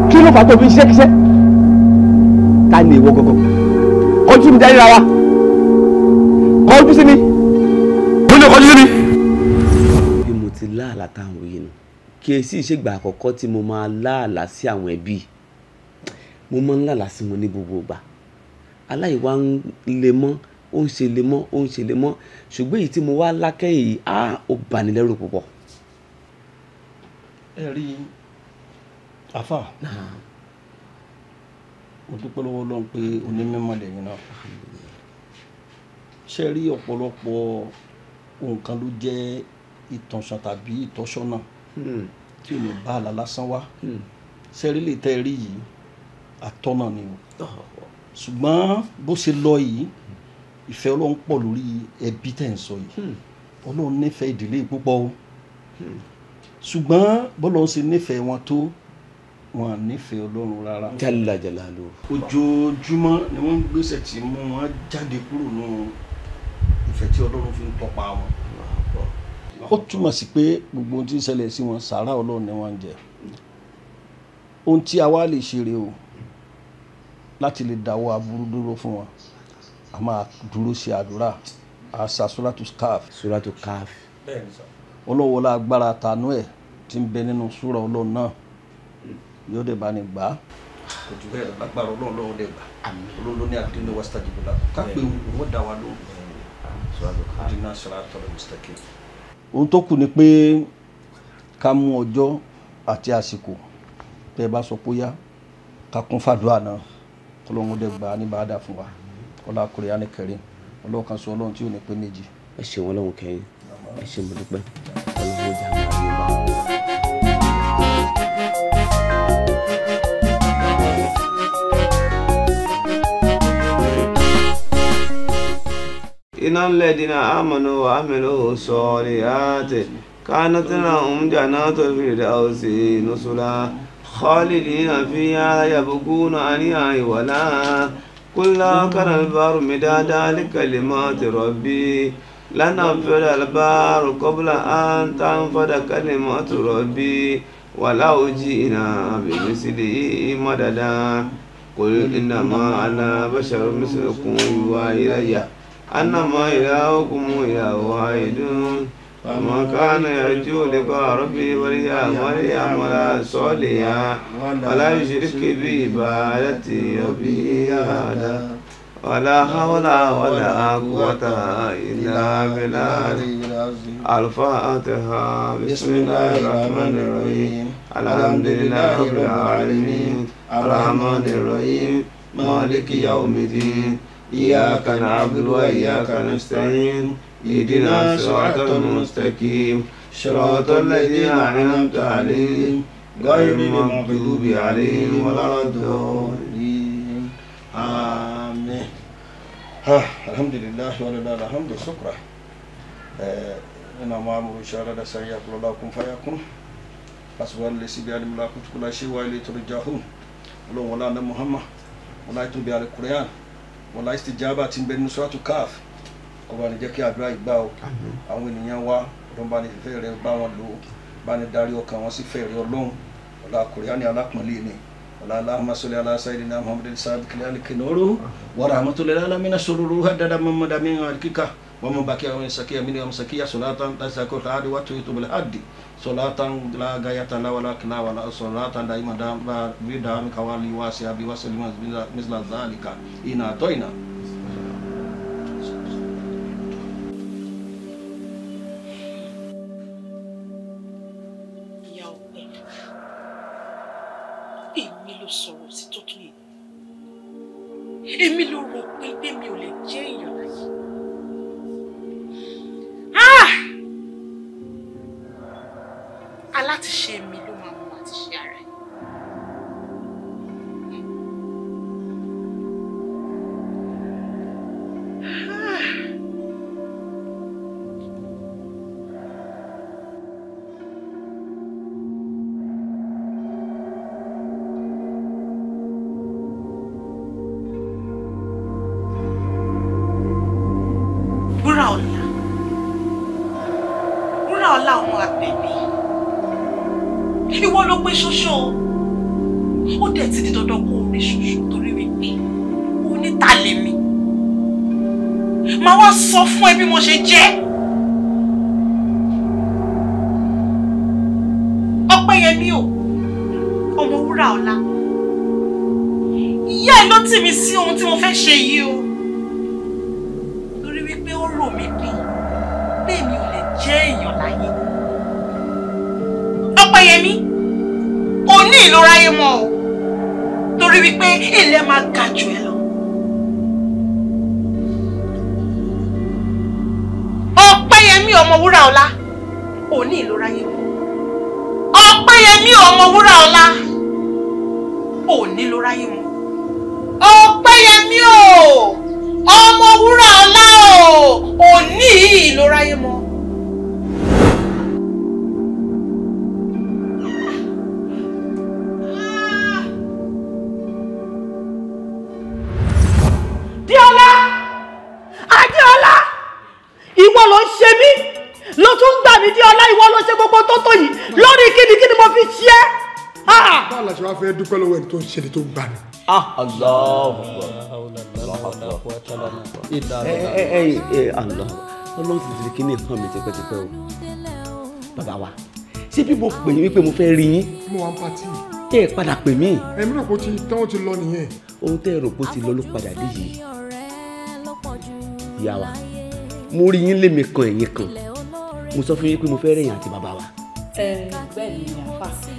kí ló fà tó fi ṣiṣẹ́ kíṣẹ́ ta ni ìwọ gangan kọjú mi dáríra wa kọjú sí mi mo lè kọjú sí mi. bí mo ti lá táwọn kí esi ìṣègbà àkọ́kọ́ tí mo máa láàlá sí àwọn ẹbí mo máa ń láàlá sí wọn ní gbogbo ìgbà aláìwá ń le mọ́ ó ń ṣe le mọ́ ó ń ṣe le mọ́ ṣùgbọ́n èyí tí mo wá lákẹ́yìn yìí á ò bani púpọ̀. ẹ rí àfà mo dúpẹ́ lọ́wọ́ Ọlọ́run pé onímọ̀ lẹ́yìn náà ṣe rí ọ̀pọ̀lọpọ̀ nǹkan ló jẹ́ ìtànṣán tàbí ìtọ́sọ́nà. Hmm. tí ò ní bá àlà lásán wá sẹ́rí hmm. lè tẹ́ rí yìí àtọ́nà ni o ah. ṣùgbọ́n bó ṣe lọ yìí ìfẹ́ ọlọ́run pọ̀ lórí ẹbí tẹ̀ ń sọ yìí hmm. ọlọ́run nífẹ̀ẹ́ ìdílé púpọ̀ o ṣùgbọ́n bọ́lọ́run ṣe nífẹ̀ẹ́ wọn tó wọn nífẹ̀ẹ́ ọlọ́run rárá. jálá jálá ló. ojoojúmọ́ ni wọ́n ń gbèsè tí mú wọn jáde kúrò nù ìfẹ́ tí ọlọ́run fi ń tọpa wọn ó túmọ̀ sí pé gbogbo ohun tí ń ṣẹlẹ̀ sí wọn sàárà ọlọ́run ni wọ́n ń jẹ ohun tí a wá lè ṣe rèé o láti lè dáwọ́ aburú dúró fún wọn a máa dúró ṣe àdúrà a sa suratu kaf. suratu kaf. ọlọ́wọ́ la agbára tanú ẹ̀ tí ń bẹ nínú súra ọlọ́run náà yóò dé bá ní gbà á. kò jù bẹ́ẹ̀ lágbára ọlọ́run lọ́wọ́ dẹ̀ gbà olóòló ní àdé ní wàsítàjì bọ́lá kápẹ́ wọ́n dá wa lóhùn. suratu kaf. dina sọ̀rọ̀ àtọ̀rọ̀ mustaqim ohun tó kù ni pé ká mú ọjọ́ àti àsìkò tẹ́ ẹ bá sọ pé ó yá ká kún fàdúrà náà kọlọ́run dẹ̀ gbà á ní bàdà fún wa ọlá kùrìyàn kẹrin ọlọ́kan sọ ọlọ́run tí ò ní pé méjì. ẹ ṣeun ọlọ́run kẹyìn ẹ ṣe mo dúpẹ́. إن الذين آمنوا وعملوا الصالحات كانت لهم جنات الفردوس نزلا خالدين فيها يبكون عنها ولا كل كان البار مدادا لكلمات ربي لنفذ البار قبل أن تنفذ كلمات ربي ولو جئنا بمثله مددا قل إنما أنا بشر مثلكم وإليه أنما إلهكم إله واحد وما كان يرجو لقاء ربي مريم ولا صليا ولا يشرك بعدتي ربي أحدا ولا حول ولا قوة إلا بالله الفاتحة بسم الله الرحمن الرحيم الحمد لله رب العالمين الرحمن الرحيم مالك يوم الدين إياك نعبد وإياك نستعين اهدنا صراط المستقيم صراط الذين أنعمت عليهم غير المغضوب عليهم ولا الضالين آمين الحمد لله ولله الحمد شكرا إنما أمر إشارة سيقول لكم فيكون أسوأ ليس بعلم لا كل شيء وإليه ترجعون ولو ولا محمد ولا يتم بعلى القرآن wọlá istijaba ti ń bẹ nínú suratu káf ọba ní jẹ́ kí àdúrà ìgbà o àwọn ènìyàn wa ọdún bá ní fífẹ́ rẹ bá wọn lò ó bá ní darí ọkàn wọn sí fẹ́ rẹ ọlọ́run ọlá kùrìánì alápọ̀nlé ni ọlá aláhùnmá sọlẹ aláṣáìlì náà muhammed sábìkìlẹ̀ alìkìnnọ́rọ́ wàrà àmọ́tòlẹ́lá alámínà sọ̀rọ̀ rúhà dáadáa mọ́mọ́dá mìíràn kíkà. ومن بكي من سكي من يوم سكي صلاة تسكو الحد وتويت بالحد صلاة لا غاية لا ولا كنا ولا صلاة دائما دام بدام كوالي واسع بواسع مثل ذلك إنا توينا dúpẹ́ lọ́wọ́ ẹni tó ń ṣe ni tó gbà ní. Ah, eh, eh, eh, ọlọ́run ti tiri kíní hàn mí tipẹ́tipẹ́ o bàbá wa ṣé bí mo pè yín wípé mo fẹ́ rí yín. mo wà ń patí. ẹ ẹ padà pè mí. ẹ̀mí náà kò ti tán ó ti lọ nìyẹn. ohun tẹ́ ẹ rò pé ó ti lọ ló padà dé yìí. ìyá wa mo rí yín lémi kan ẹ̀yìn kan mo sọ fún yín pé mo fẹ́ rẹ̀yìn àti bàbá wa. ẹ bẹ́ẹ̀ ni àfà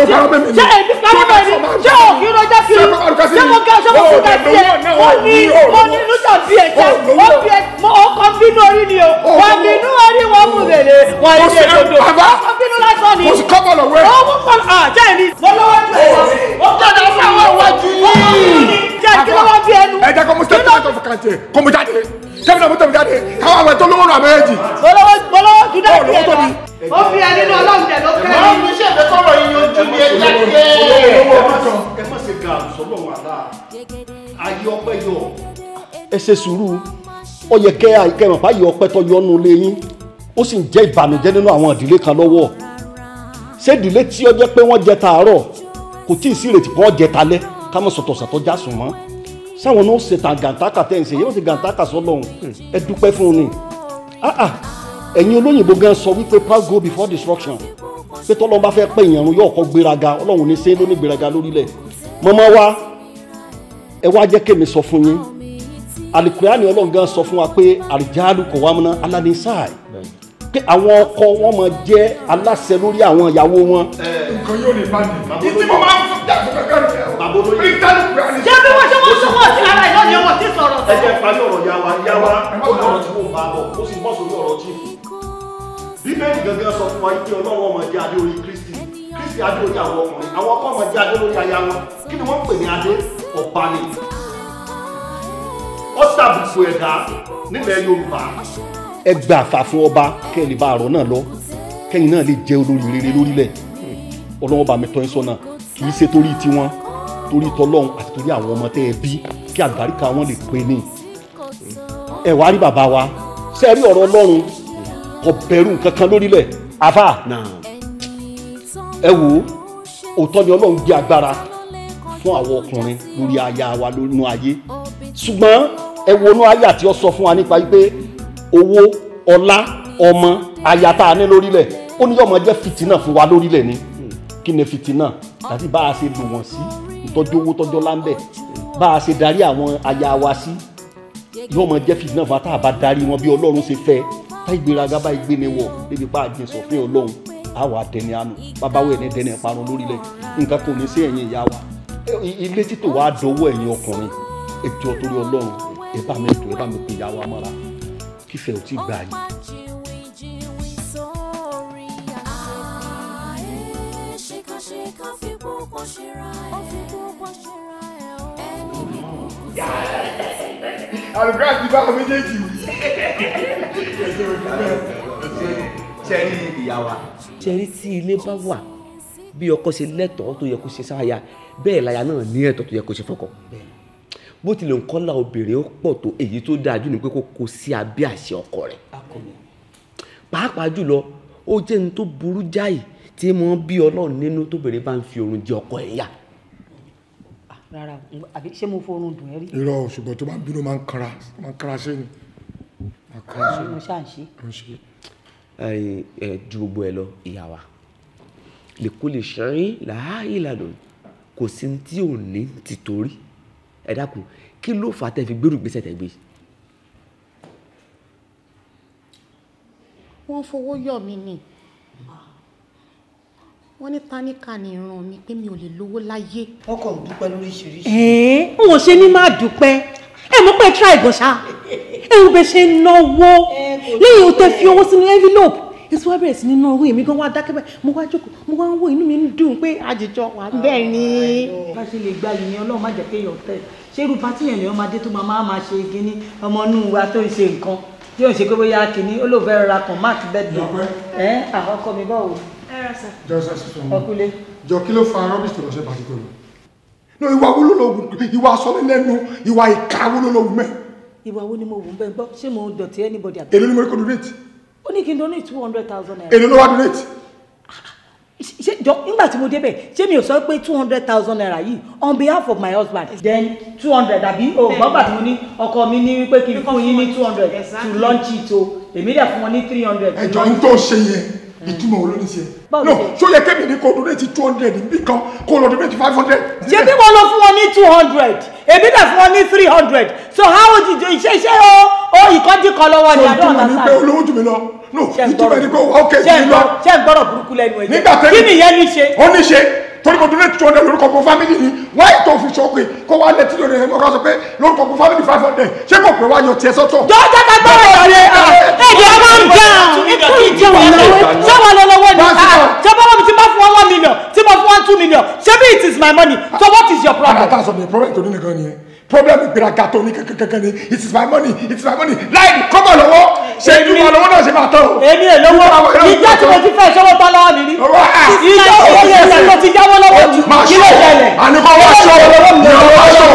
come come come Come come come on, on, on! on, on, on! ṣé èmi fúlàní bẹ́ẹ̀ ni ṣé òkè rọjá kiri ṣé mo ga ṣé mo oh, fún ga sí ẹ mo ní mo ní lúdà bí ẹja ó bí ẹ ó oh, kọ bínú orí ni o oh, wà bínú orí wọn mú rèlè wà ní èdodo ó bínú lásán ni ó mú kọ à jẹ́ ẹni mo lọ́wọ́ ju ẹ̀ ó kọ́dà sáwọn wájú yìí jẹ́ kí lọ́wọ́ bí ẹnu kí lọ́wọ́ bí ẹnu. ẹ jẹ́ kó mo ṣe tí wọ́n tó fi kàn jẹ́ kó mo jáde tẹ́mi náà mo tẹ̀mí jáde káwọn àwọn ètò olówó náà méjì. olówó olówó ti dá ìdílé lọ ó fi ẹni náà lọ́rùn tẹ̀ ló kẹ́rin. wọ́n fi ṣèlè tọrọ ìyanjú ni ẹ jáde. ẹ má ṣe ga àlùsọ́lọ̀ wà láà ayé ọpẹ́ yọ. ẹ ṣe sùúrù ó yẹ kẹ́ àìkẹ́mọ̀ báyìí ọpẹ́ tó yọ ọ́nù lé yín ó sì ń jẹ́ ìbànújẹ́ nínú àwọn ìdílé kan lọ́wọ́ ṣé ìdílé tí ó jẹ́ pé wọ́n jẹ tàárọ̀ kò tí ì sí ìrètí pé wọ́n jẹ talẹ́ ká mọ̀ sọ̀tọ̀sọ̀tọ̀ já sùn mọ́ sáwọn náà ṣe tàn gàǹtàkà tẹ̀ ń ṣe yóò ṣe gàǹtàkà sọlọ́run hmm. ẹ dúpẹ́ fún un ni ah, ah. ẹ̀yin olóyìnbó gan sọ wípé prayer go before destruction pé tọ́lọ́n bá fẹ́ pẹ́ ìyàrún yóò kọ́ gbéraga ọlọ́run ní sẹ́yìn lónìí gbéraga lórílẹ̀ mọ́mọ́ wa ẹ wá jẹ́ kémi sọ fún yín alukurani ọlọ́run gan sọ fún wa pé àrìjáàlù kò wá múná alánisáì pé àwọn ọkọ wọn máa jẹ́ aláṣẹ lórí àwọn ìyàwó wọn. ẹ nǹkan yóò lè bá mi. ìtumọ̀ máa ń fún jàdùkọ̀ kẹ́kẹ́ àbólóyè. jẹ́bí wọ́n ṣe wọ́n sọ wọ́n sí ara ìyá ni ọmọ tí sọ̀rọ̀ ẹ jẹ́ parí ọ̀rọ̀ ya wa ya wa ó ní ọ̀rọ̀ tí mo bá bọ̀ ó sì bọ́ sórí ọ̀rọ̀ tí mo. bíbélì gangan sọ fún wa ike ọlọ́run ọmọ adé orí kristi kristi adé orí àwọn ọkùnrin àwọn ọkọ ọmọ adé lórí aya wọn kí ni wọ́n pè ní adé ọ̀pá ni. ó ṣàbùkù ẹ̀dá nílẹ̀ yorùbá. ẹ gba àfà fún ọba kẹ́ bá àrọ̀ náà lọ kẹ́yìn náà lè jẹ́ olórí rere lórílẹ̀ ọlọ́wọ́ bá mi tọ́ ẹ sọ́nà kì í ṣe torí tiwọn torí tọlọ́run àti torí àwọn ọmọ tẹ́ ẹ bí kí àgbáríkà wọn lè pé ní. ẹ wá rí bàbá wa ṣe rí ọ̀rọ̀ ọlọ́run kò bẹ̀rù kankan lórílẹ̀ àfà ẹ wò ó òótọ́ ni ọlọ́run gbé agbára fún àwọn ọkùnrin lórí aya wa lónú ayé ṣùgbọ́n ẹ wo inú ayé àti ọ fún wa nípa wípé owó ọlá ọmọ aya tá a ní lórílẹ̀ ó ní yọmọ jẹ́ fìtínà fún wa lórílẹ̀ ni kí ni fìtínà láti bá a ṣe lò wọ́n sí. Si ìtọ́jú owó tọ́jú ọlá ń bẹ̀ bá a ṣe darí àwọn aya wa sí yóò máa jẹ́ fìdí náà fún tá a bá darí wọn bí ọlọ́run ṣe fẹ́ tá ìgbéraga bá ìgbé ni wọ̀ débi pa àjẹ sọ̀fin ọlọ́run á wà dẹni àánú bàbá wẹ̀ ní dẹni ìparun lórílẹ̀ nǹkan kò ní sí ẹ̀yìn ìyá wa ilé títò wa dọwọ́ ẹ̀yìn ọkùnrin ẹjọ́ torí ọlọ́run ẹ bá mi tò ẹ bá mi pè ìyá wa mọ́ra kífẹ́ ò tí gbà yìí búkọ ṣera ẹ̀. ó fi búkọ ṣera ẹ̀ o. ẹni ní búkọ ṣera ẹ̀. àlùkò àti báwọn méjèèjì wù. ṣẹ́rí ìyá wa. ṣẹ́rí tí se bá wà bí ọkọ ṣe lẹ́tọ̀ọ́ tó yẹ kó ṣe sáyà bẹ́ẹ̀ láya náà ní ẹ̀tọ́ tó yẹ kó ṣe fọ́kọ bó tilẹ̀ ń kọ́lá obìnrin ó pọ̀ tó èyí tó dáa jù ní pé kó kó sí abẹ́ àṣẹ ọkọ rẹ̀ pàápàá jùlọ ó jẹ́ ní tí mo ń bí ọlọ́run nínú tóbìnrin bá ń fi oorun jẹ ọkọ ẹ̀ yà. rárá àbí ṣé mo forun dùn ẹ́ rí. irọ́ ṣùgbọ́n tó bá ń bínú máa ń kanra máa ń kanra sí ni. mo ṣáà ń ṣe. ju gbogbo ẹ lọ ìyá wa lè kó lè ṣẹ́yìn láàyè ìlànà kò sí tí ò ní ti torí ẹ dákun kí ló fà á tẹ́ fi gbèrú gbèsè tẹ́ gbé. wọ́n fowó yọ̀ mí ni wọ́n ní táníkà ni ìran mi pé mi ò lè lówó láyé. wọ́n kàn ń dúpẹ́ lóríṣiríṣi. ẹ̀ẹ́n n ò ṣe ní máa dúpẹ́ ẹ mọ̀ pé try gọ̀ṣà ẹ ò bẹ ṣe náwó lẹ́yìn o tẹ fi owó sínú envelope èso wa bẹ̀rẹ̀ sí ní náwó èmi gan wá dákẹ́ báyìí mo wá jókòó mo wá ń wo inú mi ń dùn pé àjèjọ wà bẹ́ẹ̀ ni. bá a ṣe lè gba ìyẹn ọlọ́run má jẹ́ pé èèyàn tẹ̀ ṣé irú pátí yẹn lèèyàn máa tó máa máa ṣe kínní ọmọ inú wa tó ń ṣe nǹkan tí yóò ṣe pé bóyá kínní ó lò fẹ́ bẹ́ẹ̀ dùn ẹ́ àkọ́kọ́ mi báwo. Just ask someone. Ọkùnlé. Jọ kí ló fa rubbish tó lọ ṣe pàṣípò lọ? No ìwà wo ló lògùn ìwà asọ́lé lẹ́nu ìwà ìka wo ló lògùn mẹ́? Ìwà wo ni mo wù ń bẹ́ gbọ́? Ṣé mo ń dọ̀tí anybody àbí? Èló ni mo rí kó donate? Ó ní kí n donate two hundred thousand naira. Èló ló wá donate? Ṣé jọ nígbà tí mo débẹ̀ ṣé mi ò sọ pé two hundred thousand naira yìí on behalf of my husband then two hundred àbí o gbọ́gbà tí mo ní ọkọ mi ní wípé kí n fún yín ní two hundred to launch it o èmi dẹ̀ fún wọn ní three hundred. Ẹ̀jọ̀ ìtumọ̀ olórí ṣe. no ṣó yẹ kébì ní kó donate two hundred nìkan kó lọ donate five hundred. ṣé bí wọ́n lọ fún wọn ní two hundred èmi dẹ̀ fún wọn ní three hundred so how did iṣẹ́ iṣẹ́ o o ìkọ́díkọ lọ́wọ́ ni àdó ọ̀nà sáà. ṣé ìtumọ̀ ni pé olówó jù mí lọ no ìtumọ̀ ni pé ó wà ó kẹ́ jù mí lọ. ṣé ń gbọ́rọ̀ burúkú lẹ́nu ẹ̀jẹ̀ kí nìyẹn ní ṣe. ó ní ṣe torí mo donate two hundred lórúkọ fún family ni why tó fi sọ pé kó wá lẹ́tí lórí ẹ̀ mọ́ká sọ pé lórúkọ fún family five hundred ṣé kò pé wá yọ tiẹ̀ sọ́tọ̀. dọ́jà ká gbọ́ ọ̀rọ̀ rẹ̀ ẹ̀jẹ̀ ọmọ ń dàn ikú ìjẹun lọ́wọ́ sọ́wọ́ lọ́wọ́ ni ah, ṣọ́bọ́ wọn ti bá fún one million tí mo fún one two million ṣé bí it is my money so what is your problem. àtàtà sọ mi problem tó ní nìkan nìyẹn problem ìgbéraga tó ní kankan ni it is my money it is my money láì ní kọ́bọ̀ lọ́wọ́ ṣe ìdúró lọ́wọ́ náà ṣe máa tán o. èmi ò lówó ah. ìjọ tí mo ti fẹ́ sọ́wọ́ tán lọ́wọ́ mi rí ìjọ òkè ẹ̀sẹ̀ tó ti jáwọ́ lọ́wọ́ mi kí ló ṣẹlẹ̀ àníkọ́ wá ṣọ́ ní ọwọ́ ṣọ́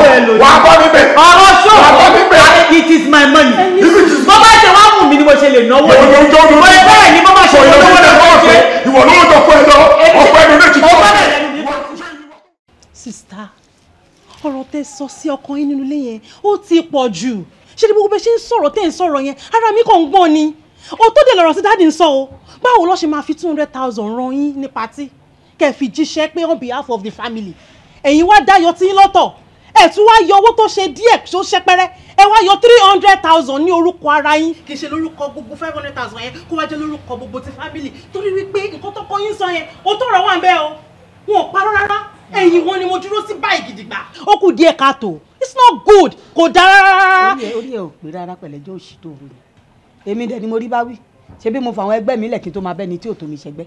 wà á bọ́ níbẹ̀ ọ̀rọ̀ ṣọ́ wà á bọ́ níbẹ̀ it is my money mo bá ṣe wá wù mí ni mo ṣe lè náwó mo lè bẹ́ẹ̀ ni mo bá ṣe lọ́wọ́ lọ́wọ́ ṣe ìwọ ọ̀rọ̀ tẹ́ sọ sí ọkàn yín nínú ilé yẹn ó ti pọ̀ jù ṣé ni gbogbo bẹ́ẹ̀ ṣe ń sọ̀rọ̀ tẹ́ ń sọ̀rọ̀ yẹn ara mi kàn ń gbọ́n ni o tó dé lọ́rọ̀ sí dáàdì ń sọ o báwo ló ṣe máa fi two hundred thousand ran yín ní patí kẹ́ fi jíṣẹ́ pé on behalf of the family ẹ̀yin wá dáyọ̀ tí yín lọ́tọ̀ ẹ̀ tún wá yọ owó tó ṣe díẹ̀ tó ṣẹpẹrẹ ẹ wá yọ three hundred thousand ní orúkọ ara yín. kì í ṣe lórúkọ gbogbo five hundred thousand yẹn kó wá jẹ́ lórúkọ gbogbo ti family torí wípé nǹkan tó kọ́ yín sọ yẹn o tó rọ̀ wá ń bẹ́ o wọn ò parọ́ rárá ẹ̀yìn wọn ni mo dúró sí báyìí gidigba. ó kù díẹ̀ káàtó it's not good kò dára. orí ẹ ò pé rárá pẹ̀lẹ́ jẹ́ òṣì tó rò ní èmi dẹ̀ ni mo rí bá wí ṣé bí mo fà àwọn ẹgbẹ́ mi lẹ̀ kí n tó máa bẹ́ni tí ò tó mi ṣẹgbẹ́.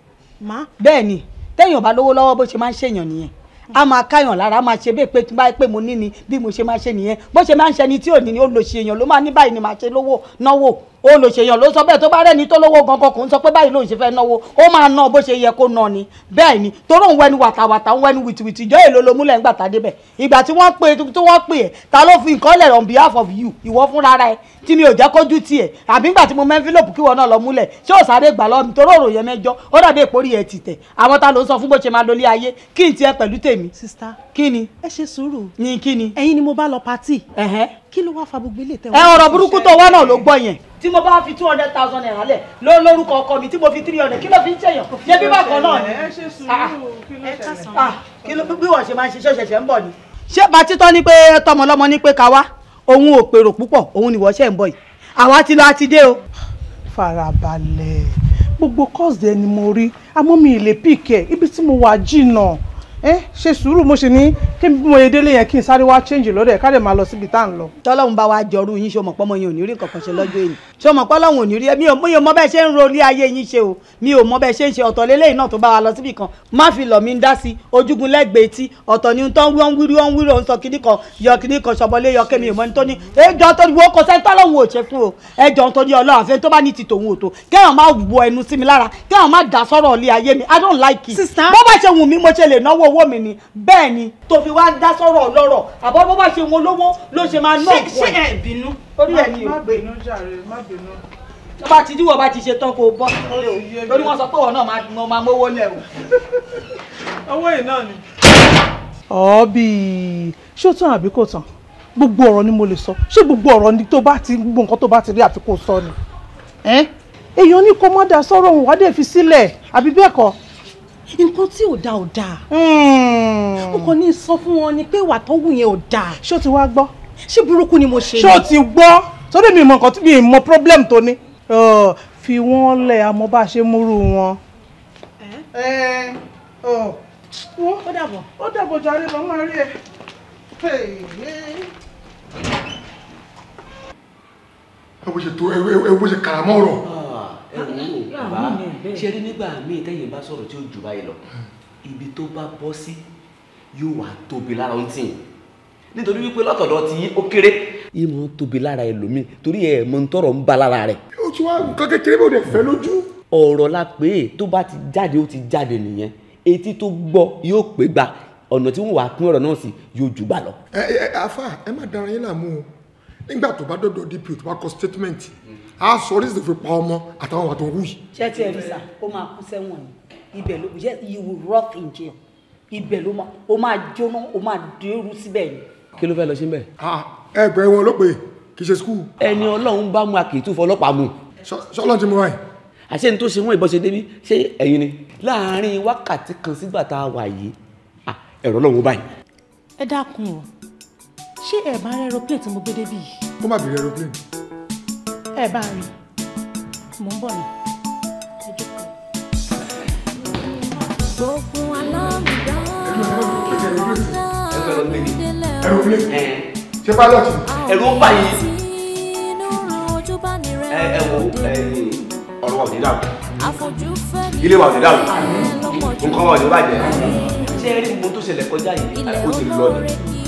bẹ́ẹ̀ ni téèyàn bá lówó lọ́wọ́ bó ṣe máa ń ṣèyàn nìyẹn a máa káyàn lára a máa ṣe bẹ́ẹ̀ pé tí báyìí pé mo ní ni bí mo ṣe máa ṣe nìyẹn bó ṣe máa ń ṣe ni tí ò ní ni ó lò ṣe ló máa ní báyìí ni màá ṣe lówó náwó olùṣèyàn ló sọ bẹ́ẹ̀ tó bá rẹ́ni tó lówó gangan kò ń sọ pé báyìí ló ń ṣe fẹ́ náwó ó máa ná bó ṣe yẹ kó ná ni bẹ́ẹ̀ ni torí òun wẹni wàtàwàtà òun wẹni wìtìwìtì ìjọ èlò ló múlẹ̀ ńgbà tàdé ìgbà tí wọ́n pè tí wọ́n pè ẹ̀ ta ló fi nǹkan lẹ̀ on behalf of you ìwọ fúnra ẹ tí mi ò jẹ́ kójú tiẹ̀ àbí ńgbà tí mo mẹ́ńfílòpù kíwọ náà lọ múlẹ̀ ṣé ò sáré gbà lọ nítorí ọ̀rọ̀ yẹn mẹ́jọ ó dàbí èpórí ẹ̀ tìtẹ̀ àwọn ta ló ń sọ fún bó ṣe máa lólé ayé kí n tiẹ̀ pẹ̀lú tèmi. sista kí ni. ẹ ṣe sùúrù. ni kí ni. ẹ̀yin ni mo bá lọ patí. ẹ̀hẹ́ kí ló wá fa gbogbo ilé tẹ. ẹ ọ̀rọ̀ burúkú tó wá náà ló gbọ́ yẹn. tí mo bá fi two hundred thousand naira lẹ̀ ló lórúkọ ọkọ mi tí mo fi three hundred kí ló fi ń ṣèyàn ṣé bí bákan náà ni. ẹ ṣe sùúrù ah, ah, kí ló bí wọ́n ṣe máa ń ṣiṣẹ́ ṣẹ̀ṣẹ̀ ń bọ̀ ni. ṣé bá títọ́ ni pé tọmọlọmọ ní pé ká wá òun ò pèrò púpọ̀ òun ni wọ́n ṣe ń bọ̀ yìí àwa ti lọ àti dé o. farabalẹ̀ gbogbo kọ́ọ̀sì ẹni mo rí amómi ìlépìkẹ́ ibi tí mo wà jìnnà ẹ eh, ṣe sùúrù mo ṣe ní kí mo yẹ délé yẹn kí n sáré wá change lọ́dọ̀ ẹ̀ ká lè máa lọ síbi tá à ń lọ. tọ́lọ́run bá wa jọrú yín ṣe mọ̀ pé ọmọ yẹn ò ní rí kankan ṣe lọ́jọ́ èyí ṣe mọ̀ pé ọlọ́run ò ní rí ẹ mi ò mọ bẹ́ẹ̀ ṣe ń ro ilé ayé yín ṣe o mi ò mọ bẹ́ẹ̀ ṣe ń ṣe ọ̀tọ̀ lélẹ́yìn náà tó bá wa lọ síbi kan má fi lọ̀ mí ń dá sí ojúgun lẹ́gbẹ̀ẹ́ tí ọ̀tọ̀ ni tó ń wí wíri ó ń wíri ó ń sọ kinní kan yọ kinní kan ṣọbọlé yọ kémi ìmọ̀ nítorí ẹjọ́ tó wo kò sẹ́ni tọ́lọ́run ò ṣe fún o ẹjọ́ tó ní ọlọ́run àfẹ́ tó bá ní ti tòun ò tó kéèyàn má wọ ẹnu sí mi lára kéèyàn má dà sọ́rọ̀ ilé ayé mi i don't like it bó bá ṣe wù mí mo ṣe lè náwó owó mi ni bẹ́ẹ̀ ni tó fi wá ń dá sọ̀rọ̀ ọlọ́rọ̀ àbọ̀ bó bá ṣe wọn lówó ló ṣe máa ná ọ̀pọ̀ ẹ̀. ṣé ẹ bínú. orí ẹ ní o má bínú jàre má bínú. tó bá ti díwọ̀ bá ti ṣe tán kó o bọ́ sílé o lórí wọn sọ pé òun náà máa mówó lẹ̀ o. owó yìí náà ni. ọ̀ọ́bì ṣé ó tán àbí kò tán gbogbo ọ̀rọ̀ ni mo lè sọ ṣé gbogbo ọ̀rọ̀ ni tó bá ti gbogbo nǹkan tó bá ti rí àfikún sọ ni èèyàn ní kó mọ́ dá sọ́rọ̀ òun wá fi sílẹ̀ àbí bẹ́ẹ̀ kọ́ nǹkan tí ò da ò da. Hmm. mo kàn ní sọ fún wọn ni pé ìwà tó wù yẹn ò da. ṣé o ti wá gbọ́. ṣé burúkú ni mo ṣe ni. ṣé o ti gbọ́ sórí mi mọ nǹkan tí mi mọ problem tó ní. fi wọ́n lẹ̀ àmọ́ bá a ṣe múrú wọn. ó dàbọ̀. ó dàbọ̀ jàre lọ máa rí ẹ. ẹ bó ṣe tó ẹ bó ṣe kàràmọ́ rọ̀ ẹ wò ó bàbá ṣe rí nígbà míì tẹ́yìn bá sọ̀rọ̀ tí ó jù báyìí lọ ibi tó bá bọ́ sí yóò wá tóbi lára ohun tí nítorí wípé lọ́tọ̀dọ̀ tí ó kéré ìmọ̀ tóbi lára ẹlòmíì torí ẹ̀ mọ̀ ń tọrọ ń ba lára rẹ̀. o ti wá nǹkan kékeré bò dé fẹ́ lójú. ọ̀rọ̀ la pé tó bá ti jáde ó ti jáde nìyẹn etí tó gbọ́ yóò pé gba ọ̀nà tí wọ́n wàá pín ọ̀rọ̀ náà sí yóò jù bá lọ. ẹ ẹ afa ẹ má dara yín o nígbà tó bá dọ̀dọ̀ DPO tó bá kọ statement a sọ oríṣiríṣi fi pa ọmọ àtàwọn àwọn tó ń wù yìí. ṣé tí ẹ rí sá ó máa kú sẹ́wọ̀n ni ibẹ̀ ló yes you will rot in jail ibẹ̀ ló máa ó máa jóná ó máa dérú síbẹ̀ ni. kí ló fẹ́ lọ sí bẹ́ẹ̀. ẹgbẹ́ wọn ló pè kì í ṣe skul. ẹni ọlọ́run bá mu àkìtú fọlọ́pàá mu. sọlọ́ọ̀tì mú wáyé àṣẹ ní tó ṣe wọ́n ìbọn ṣe débi ṣé ẹ̀yin ni láàárín wákàtí kan sígbà tá a wà yìí ẹ̀rọ lọ́wọ́ báyìí. ẹ dákun o ṣé ẹ bá rí aeroplane tí mo gbé débi yìí. ó má bèrè aeroplane. ẹ bá rí mò ń bọ̀ ni ẹ jókòó. gbogbo alámìdá alámìdélẹ̀ aeroplane eh, ṣé pilot. ẹ̀rù ń bà yìí. ẹ ẹ wo eh, ọ̀rọ̀ wa ò ní dàrú ilé wa ò ní dàrú nǹkan wa ò ní bàjẹ́ ṣé ẹ rí mo tó ṣẹlẹ̀ kọjá yìí àìkú ti lọ ni.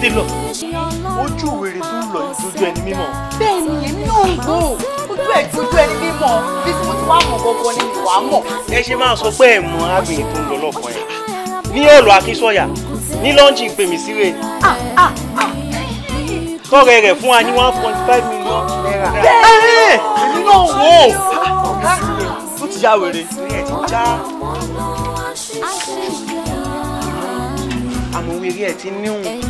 télọ̀ ojú wèrè tó ń lọ ìdójú ẹni mímọ́. bẹ́ẹ̀ni èmi náà ń gbọ́ ojú ẹ dójú ẹni mímọ́ bí mo ti wá mọ̀ gbọgbọ ni ìwà mọ̀. ẹ ṣe máa sọ pé ẹ mọ agbèyìn tó ń lọ lọkọ ẹ ní ọ̀lọ́ akínsọ̀yà ní lọ́ńjì ń pè mí síre. tọrẹ rẹ fún wa ní one point five million naira. bẹ́ẹ̀ èmi náà wò ó. ó ti ya wèrè. àmọ̀ wèrè ẹ̀ ti níhùn.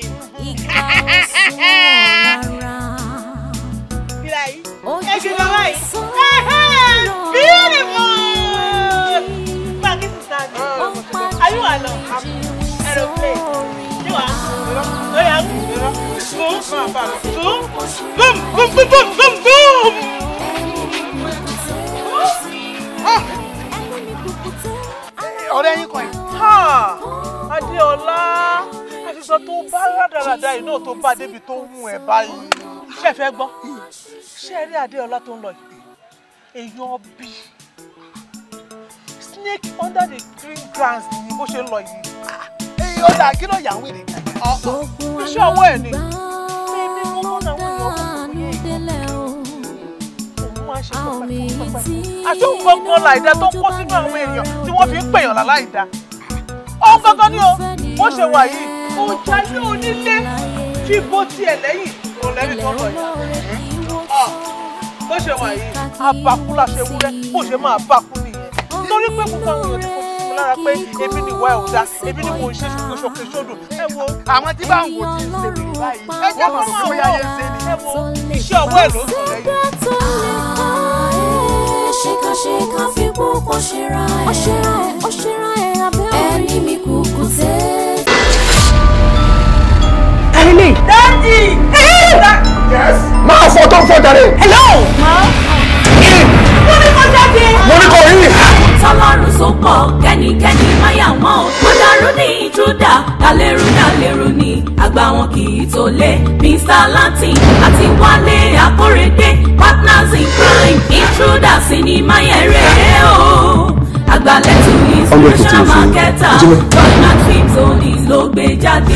ọ̀rẹ́ yín kan yìí. Adéọlá sísọ tó bá rádaràda yìí náà tó bá débi tó mú ẹ báyìí ṣe fẹ́ gbọ́ ṣe rí adéọlá tó ń lọ yìí èèyàn bí snake under the green grass ni bó ṣe ń lọ yìí èèyàn dà kí ló yà ń wí ni iṣẹ́ ọwọ́ ẹ̀ ni mímí náà wọ́n yọ ọkùnrin yìí òun máa ṣe pẹpẹpẹpẹ àti òun gbọ́ngàn láìda tó ń kó sínú àwọn èèyàn tí wọ́n fi ń pèèyàn láláìda òun gbọ́ngàn ni o bó ṣe wà yìí ọjà ní onílé tí bó tiẹ̀ lẹ́yìn ìrọ̀lẹ́rì tó lọ yìí hmm? ah, bó ṣe wà yìí abakú la ṣe bó ṣe máa bakú nìyẹn torí pé gbogbo àwọn èèyàn ti fojú lára pé ebi ni ìwà ẹ̀ ebi ni mo ṣe ṣùgbọ́n ṣòkè ṣòdò ẹ wo àwọn tí bá ń wò tí ṣe mi báyìí ẹ jẹ́ kó sọ bóyá yẹn ṣe ni ẹ wo iṣẹ́ ọwọ́ ẹ̀ ló sùn lẹ́yìn. ṣèkàṣèkà fi kú kó ṣera ẹ̀ ẹni mi kúkú tẹ́ lélẹ̀. yes. máa fọ tó ń fọ jáde. hello. mo ní kó jáde. mo ní kó yí. tọ́lọ́run sọ pọ̀ kẹ́nikẹ́ni máyà mọ́ ò mo dàrú ní ìtúdà dalẹ́rù dalẹ́rù ni àgbà wọn kì í tó lé Mr Latin àti Wálé Akóredé partners in crime intruder sinimá yẹn rèé o àgbàlẹ̀ tún ní spiritual marketer godman films onis ló gbé jáde.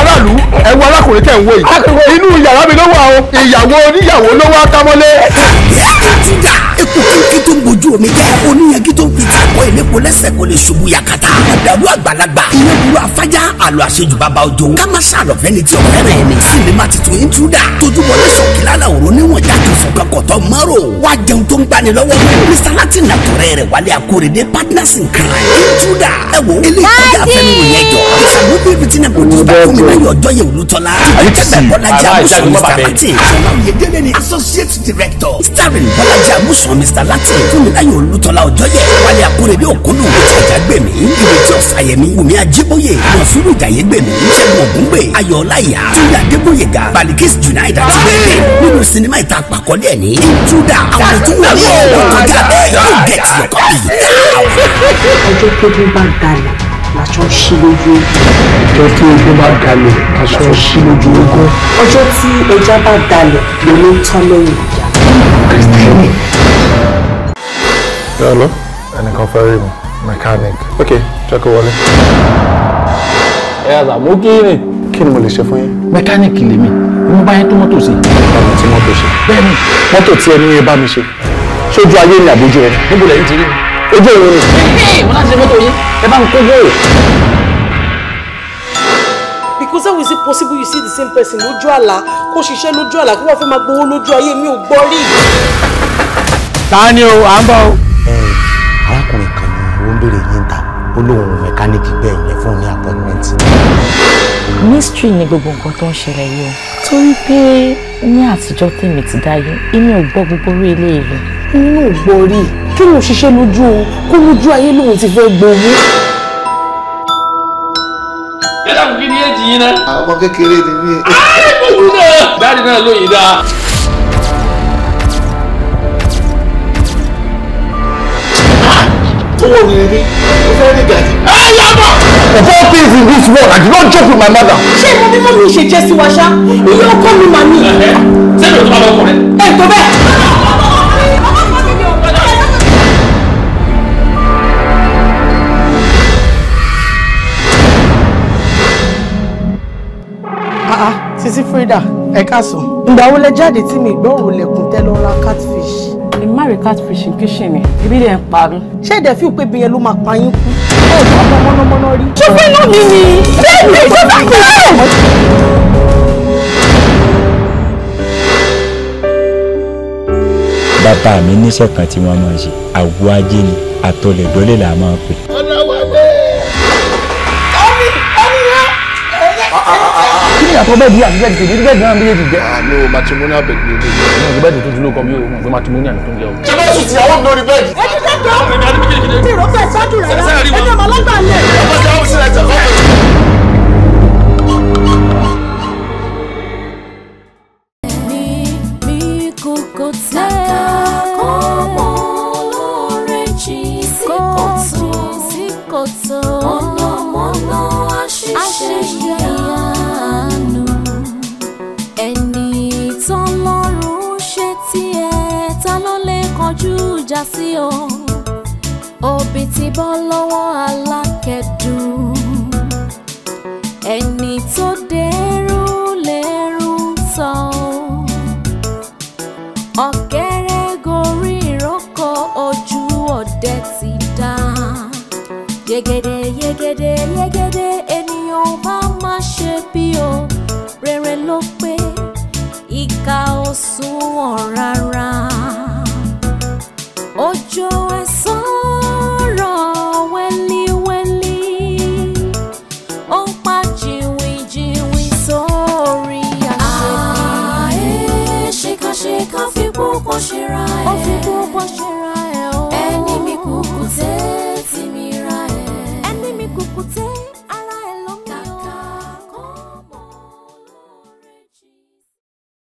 aráàlú ẹ wo arákùnrin tẹ̀ ń wò yìí inú yàrá mi ló wà o ìyàwó oníyàwó ló wá kámọ́lé epo kíkí tó ń gbojú omi jẹ́ oníyanjú tó ń fi tààbọ̀ ìlẹ́kọ lẹ́sẹ̀ kò lè ṣubú yakata àdàlú àgbàlagbà ìyẹn burú afájá àlọ́ àṣejù bàbá òjò ká má tí ọ̀rẹ́ rẹ̀ ní sinimá titun intruder tójúbọlé sọ̀kìlá làwòrán níwọ̀n jáde fọkànkọ̀tọ̀ mọ́rò wá jẹun tó ń gbani lọ́wọ́ mr latin àtọ̀rẹ́ rẹ̀ wálé akóredé partners in crime intruder ẹ wo ilé ìtajà afẹnuru ọ̀sùn mr latin fúnmiláyọ̀ olútọ́lá ọjọ́yẹ wálé akúrẹ́bí òkúlù ètò àjàgbẹ̀mí ìrètí ọ̀sàyẹ̀mí wùmí ajíbóyè mọ̀sùlù jàyẹ̀gbẹ̀mí ṣẹ́gun ògúngbè ayọ̀ọ́láyà túnbí adébóyèga balikis junaid àti bẹ́ẹ̀ nínú sinimá ìta àpàkọ́lé ẹ̀ ní intruder àwọn tó wà ní ọ̀tọ́jà bẹ́ẹ̀ ṣí lójú ọjọ́ tí ogun bá dalẹ̀ làṣọ ṣí lójú ogun. ọjọ́ tí ẹja bá dalẹ̀ ló tán lẹ́yìn ìjà. Hello? I'm a rí mechanic. Okay, check your wallet. Ẹ àgbà mú Can you Kí ni mo Mechanic ṣe me. You buy lèmi, mo bá yẹn tó mọ́tò ṣe. motor tí mọ́tò ṣe? Bẹ́ẹ̀ni, mọ́tò tí ẹni yẹn bá mi ṣe. Ṣojú ayé ni àbójú ẹ. Níbo lẹ́yìn ti rí mi? Ojú òun ni. Ee, mo láti ṣe mọ́tò yín, ẹ bá Because how is it possible you see the same person lójú àlá kó ṣiṣẹ́ lójú àlá kó wá fẹ́ máa gbowó lójú ayé mi ò gbọ́ rí? ta ni o à ń bọ̀ o. arákùnrin kan ni ó ń béèrè yín ta ó lóun mẹkáníìkì bẹ́ẹ̀ yẹn fún ní appointment. mystery ni gbogbo nǹkan tó ń ṣẹlẹ̀ yìí o torí pé ní àtijọ́ tèmi ti dáyé èmi ò gbọ́ gbogbo orí eléyìí rẹ̀. inú ò gbọ́ rí kí ló ṣiṣẹ́ lójú o kó lójú ayé lòun ti fẹ́ gbowó. yàrá kò kí ni èjì yín náà. àwọn kékeré ni mí. ààrẹ kò wúlò. dáàdi náà lóyìn dáa. owó mi ni mo fẹ́ rí gàdí. ẹ yà bọ̀. of all things in this world I did not joke with my mother. ṣé ìmọ̀ bí mọ́mí ṣe jẹ́ sí wa ṣá iye ọkọ mi mà ní. ṣé ìlú tó bá lọ ọkùnrin. ẹ tó bẹ́ẹ̀. Ah, ah, Sisi Frida, ẹ̀ka sùn. Ìgbà wo lẹ jáde tí mi gbọ́rùn lẹ̀kùn tẹ́ catfish? rí catfishing kitchen ni ibi dẹ̀ ń pa mí. ṣé ẹ̀dẹ̀ fi pé bíyẹn ló máa pa yín kú ẹ̀ ẹ̀ bá mọ́nàmọ́ná rí. ṣé fẹ́ràn mi ni. bẹ́ẹ̀ ni ṣé fẹ́ràn mi bàbá mi níṣẹ́ kan tí wọ́n máa ṣe àwọ̀ ajé ni àtọlẹ̀dọ́lẹ̀ là máa pè. àtọ́ bẹ́ẹ̀ di àti bẹ́ẹ̀ di tèmi bẹ́ẹ̀ gan méjèèjì jẹ́. àlọ matrimonial bed ni o bẹ jẹ. mo bẹ́ẹ̀ di tó dúró kọ mi o mo fẹ́ matrimonial tó ń jẹ o. ṣé bá sùn tìyàwó mi lórí bẹ́ẹ̀dì. ẹ ti tẹ́ tọ́ tí ìrọ́pẹ́ sọ́dún rẹ̀ rẹ̀ ẹ